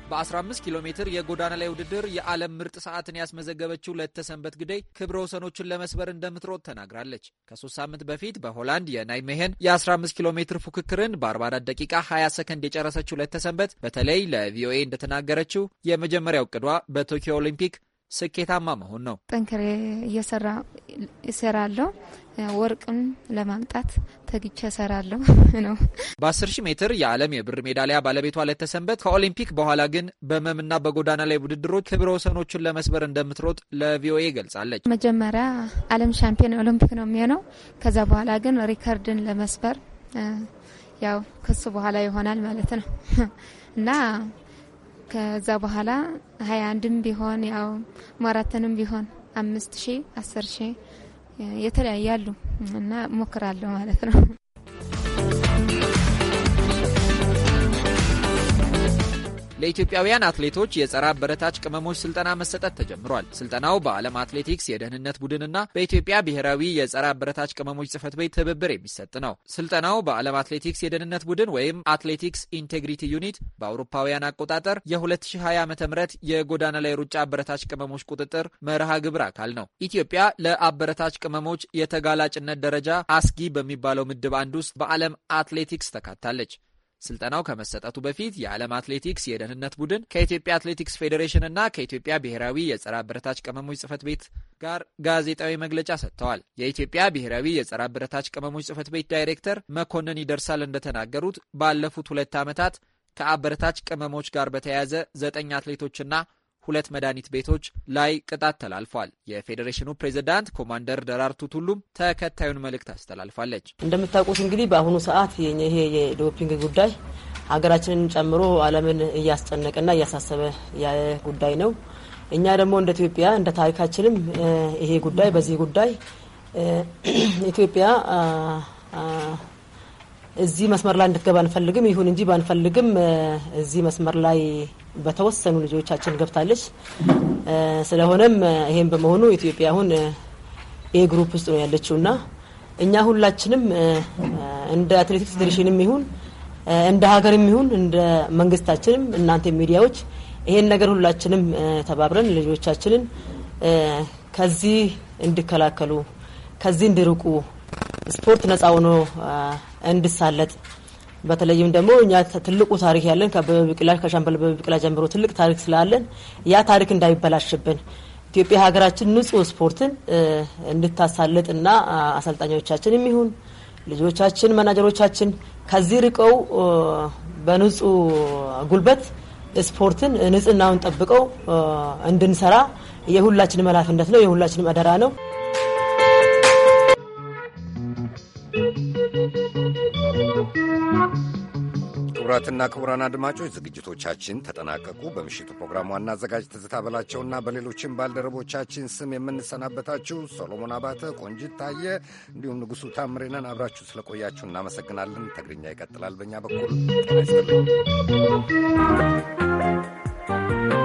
በ15 ኪሎ ሜትር የጎዳና ላይ ውድድር የዓለም ምርጥ ሰዓትን ያስመዘገበችው ለተሰንበት ግደይ ክብረ ወሰኖችን ለመስበር እንደምትሮጥ ተናግራለች። ከሶስት ሳምንት በፊት በሆላንድ የናይሜሄን የ15 ኪሎ ሜትር ፉክክርን በ44 ደቂቃ 20 ሰከንድ የጨረሰችው ለተሰንበት በተለይ ለቪኦኤ እንደተናገረችው የመጀመሪያው እቅዷ በቶኪዮ ኦሊምፒክ ስኬታማ መሆን ነው። ጠንክሬ እየሰራ እሰራለሁ። ወርቅም ለማምጣት ተግቼ እሰራለሁ ነው። በ10 ሜትር የዓለም የብር ሜዳሊያ ባለቤቷ ለተሰንበት ከኦሊምፒክ በኋላ ግን በመምና በጎዳና ላይ ውድድሮች ክብረ ወሰኖችን ለመስበር እንደምትሮጥ ለቪኦኤ ገልጻለች። መጀመሪያ ዓለም ሻምፒዮን ኦሊምፒክ ነው የሚሆነው። ከዛ በኋላ ግን ሪከርድን ለመስበር ያው ከሱ በኋላ ይሆናል ማለት ነው እና ከዛ በኋላ ሀያ አንድም ቢሆን ያው ማራተንም ቢሆን አምስት ሺ አስር ሺ የተለያዩ አሉ እና ሞክራለሁ ማለት ነው። ለኢትዮጵያውያን አትሌቶች የጸረ አበረታች ቅመሞች ስልጠና መሰጠት ተጀምሯል። ስልጠናው በዓለም አትሌቲክስ የደህንነት ቡድንና በኢትዮጵያ ብሔራዊ የጸረ አበረታች ቅመሞች ጽህፈት ቤት ትብብር የሚሰጥ ነው። ስልጠናው በዓለም አትሌቲክስ የደህንነት ቡድን ወይም አትሌቲክስ ኢንቴግሪቲ ዩኒት በአውሮፓውያን አቆጣጠር የ2020 ዓ ም የጎዳና ላይ ሩጫ አበረታች ቅመሞች ቁጥጥር መርሃ ግብር አካል ነው። ኢትዮጵያ ለአበረታች ቅመሞች የተጋላጭነት ደረጃ አስጊ በሚባለው ምድብ አንድ ውስጥ በዓለም አትሌቲክስ ተካታለች። ስልጠናው ከመሰጠቱ በፊት የዓለም አትሌቲክስ የደህንነት ቡድን ከኢትዮጵያ አትሌቲክስ ፌዴሬሽን እና ከኢትዮጵያ ብሔራዊ የጸረ አበረታች ቅመሞች ጽህፈት ቤት ጋር ጋዜጣዊ መግለጫ ሰጥተዋል። የኢትዮጵያ ብሔራዊ የጸረ አበረታች ቅመሞች ጽህፈት ቤት ዳይሬክተር መኮንን ይደርሳል እንደተናገሩት ባለፉት ሁለት ዓመታት ከአበረታች ቅመሞች ጋር በተያያዘ ዘጠኝ አትሌቶችና ሁለት መድኃኒት ቤቶች ላይ ቅጣት ተላልፏል። የፌዴሬሽኑ ፕሬዝዳንት ኮማንደር ደራርቱ ቱሉም ተከታዩን መልእክት አስተላልፋለች። እንደምታውቁት እንግዲህ በአሁኑ ሰዓት ይሄ የዶፒንግ ጉዳይ ሀገራችንን ጨምሮ ዓለምን እያስጨነቀና እያሳሰበ ጉዳይ ነው። እኛ ደግሞ እንደ ኢትዮጵያ እንደ ታሪካችንም ይሄ ጉዳይ በዚህ ጉዳይ ኢትዮጵያ እዚህ መስመር ላይ እንድትገባ አንፈልግም። ይሁን እንጂ ባንፈልግም እዚህ መስመር ላይ በተወሰኑ ልጆቻችን ገብታለች። ስለሆነም ይሄን በመሆኑ ኢትዮጵያ አሁን ኤ ግሩፕ ውስጥ ነው ያለችው እና እኛ ሁላችንም እንደ አትሌቲክስ ፌዴሬሽንም ይሁን እንደ ሀገርም ይሁን እንደ መንግስታችንም እናንተ ሚዲያዎች ይሄን ነገር ሁላችንም ተባብረን ልጆቻችንን ከዚህ እንዲከላከሉ ከዚህ እንዲርቁ ስፖርት ነጻ ሆኖ እንድሳለጥ በተለይም ደግሞ እኛ ትልቁ ታሪክ ያለን ከአበበ ቢቂላ ከሻምበል አበበ ቢቂላ ጀምሮ ትልቅ ታሪክ ስላለን ያ ታሪክ እንዳይበላሽብን ኢትዮጵያ ሀገራችን ንጹህ ስፖርትን እንድታሳልጥና አሰልጣኞቻችን የሚሆን ልጆቻችን፣ መናጀሮቻችን ከዚህ ርቀው በንጹህ ጉልበት ስፖርትን ንጽህናውን ጠብቀው እንድንሰራ የሁላችንም ኃላፊነት ነው፣ የሁላችንም አደራ ነው። ክቡራትና ክቡራን አድማጮች ዝግጅቶቻችን ተጠናቀቁ። በምሽቱ ፕሮግራም ዋና አዘጋጅ ትዝታ በላቸውና በሌሎችም ባልደረቦቻችን ስም የምንሰናበታችሁ ሰሎሞን አባተ፣ ቆንጂት ታየ እንዲሁም ንጉሡ ታምሬነን አብራችሁ ስለቆያችሁ እናመሰግናለን። ትግርኛ ይቀጥላል። በእኛ በኩል ጤና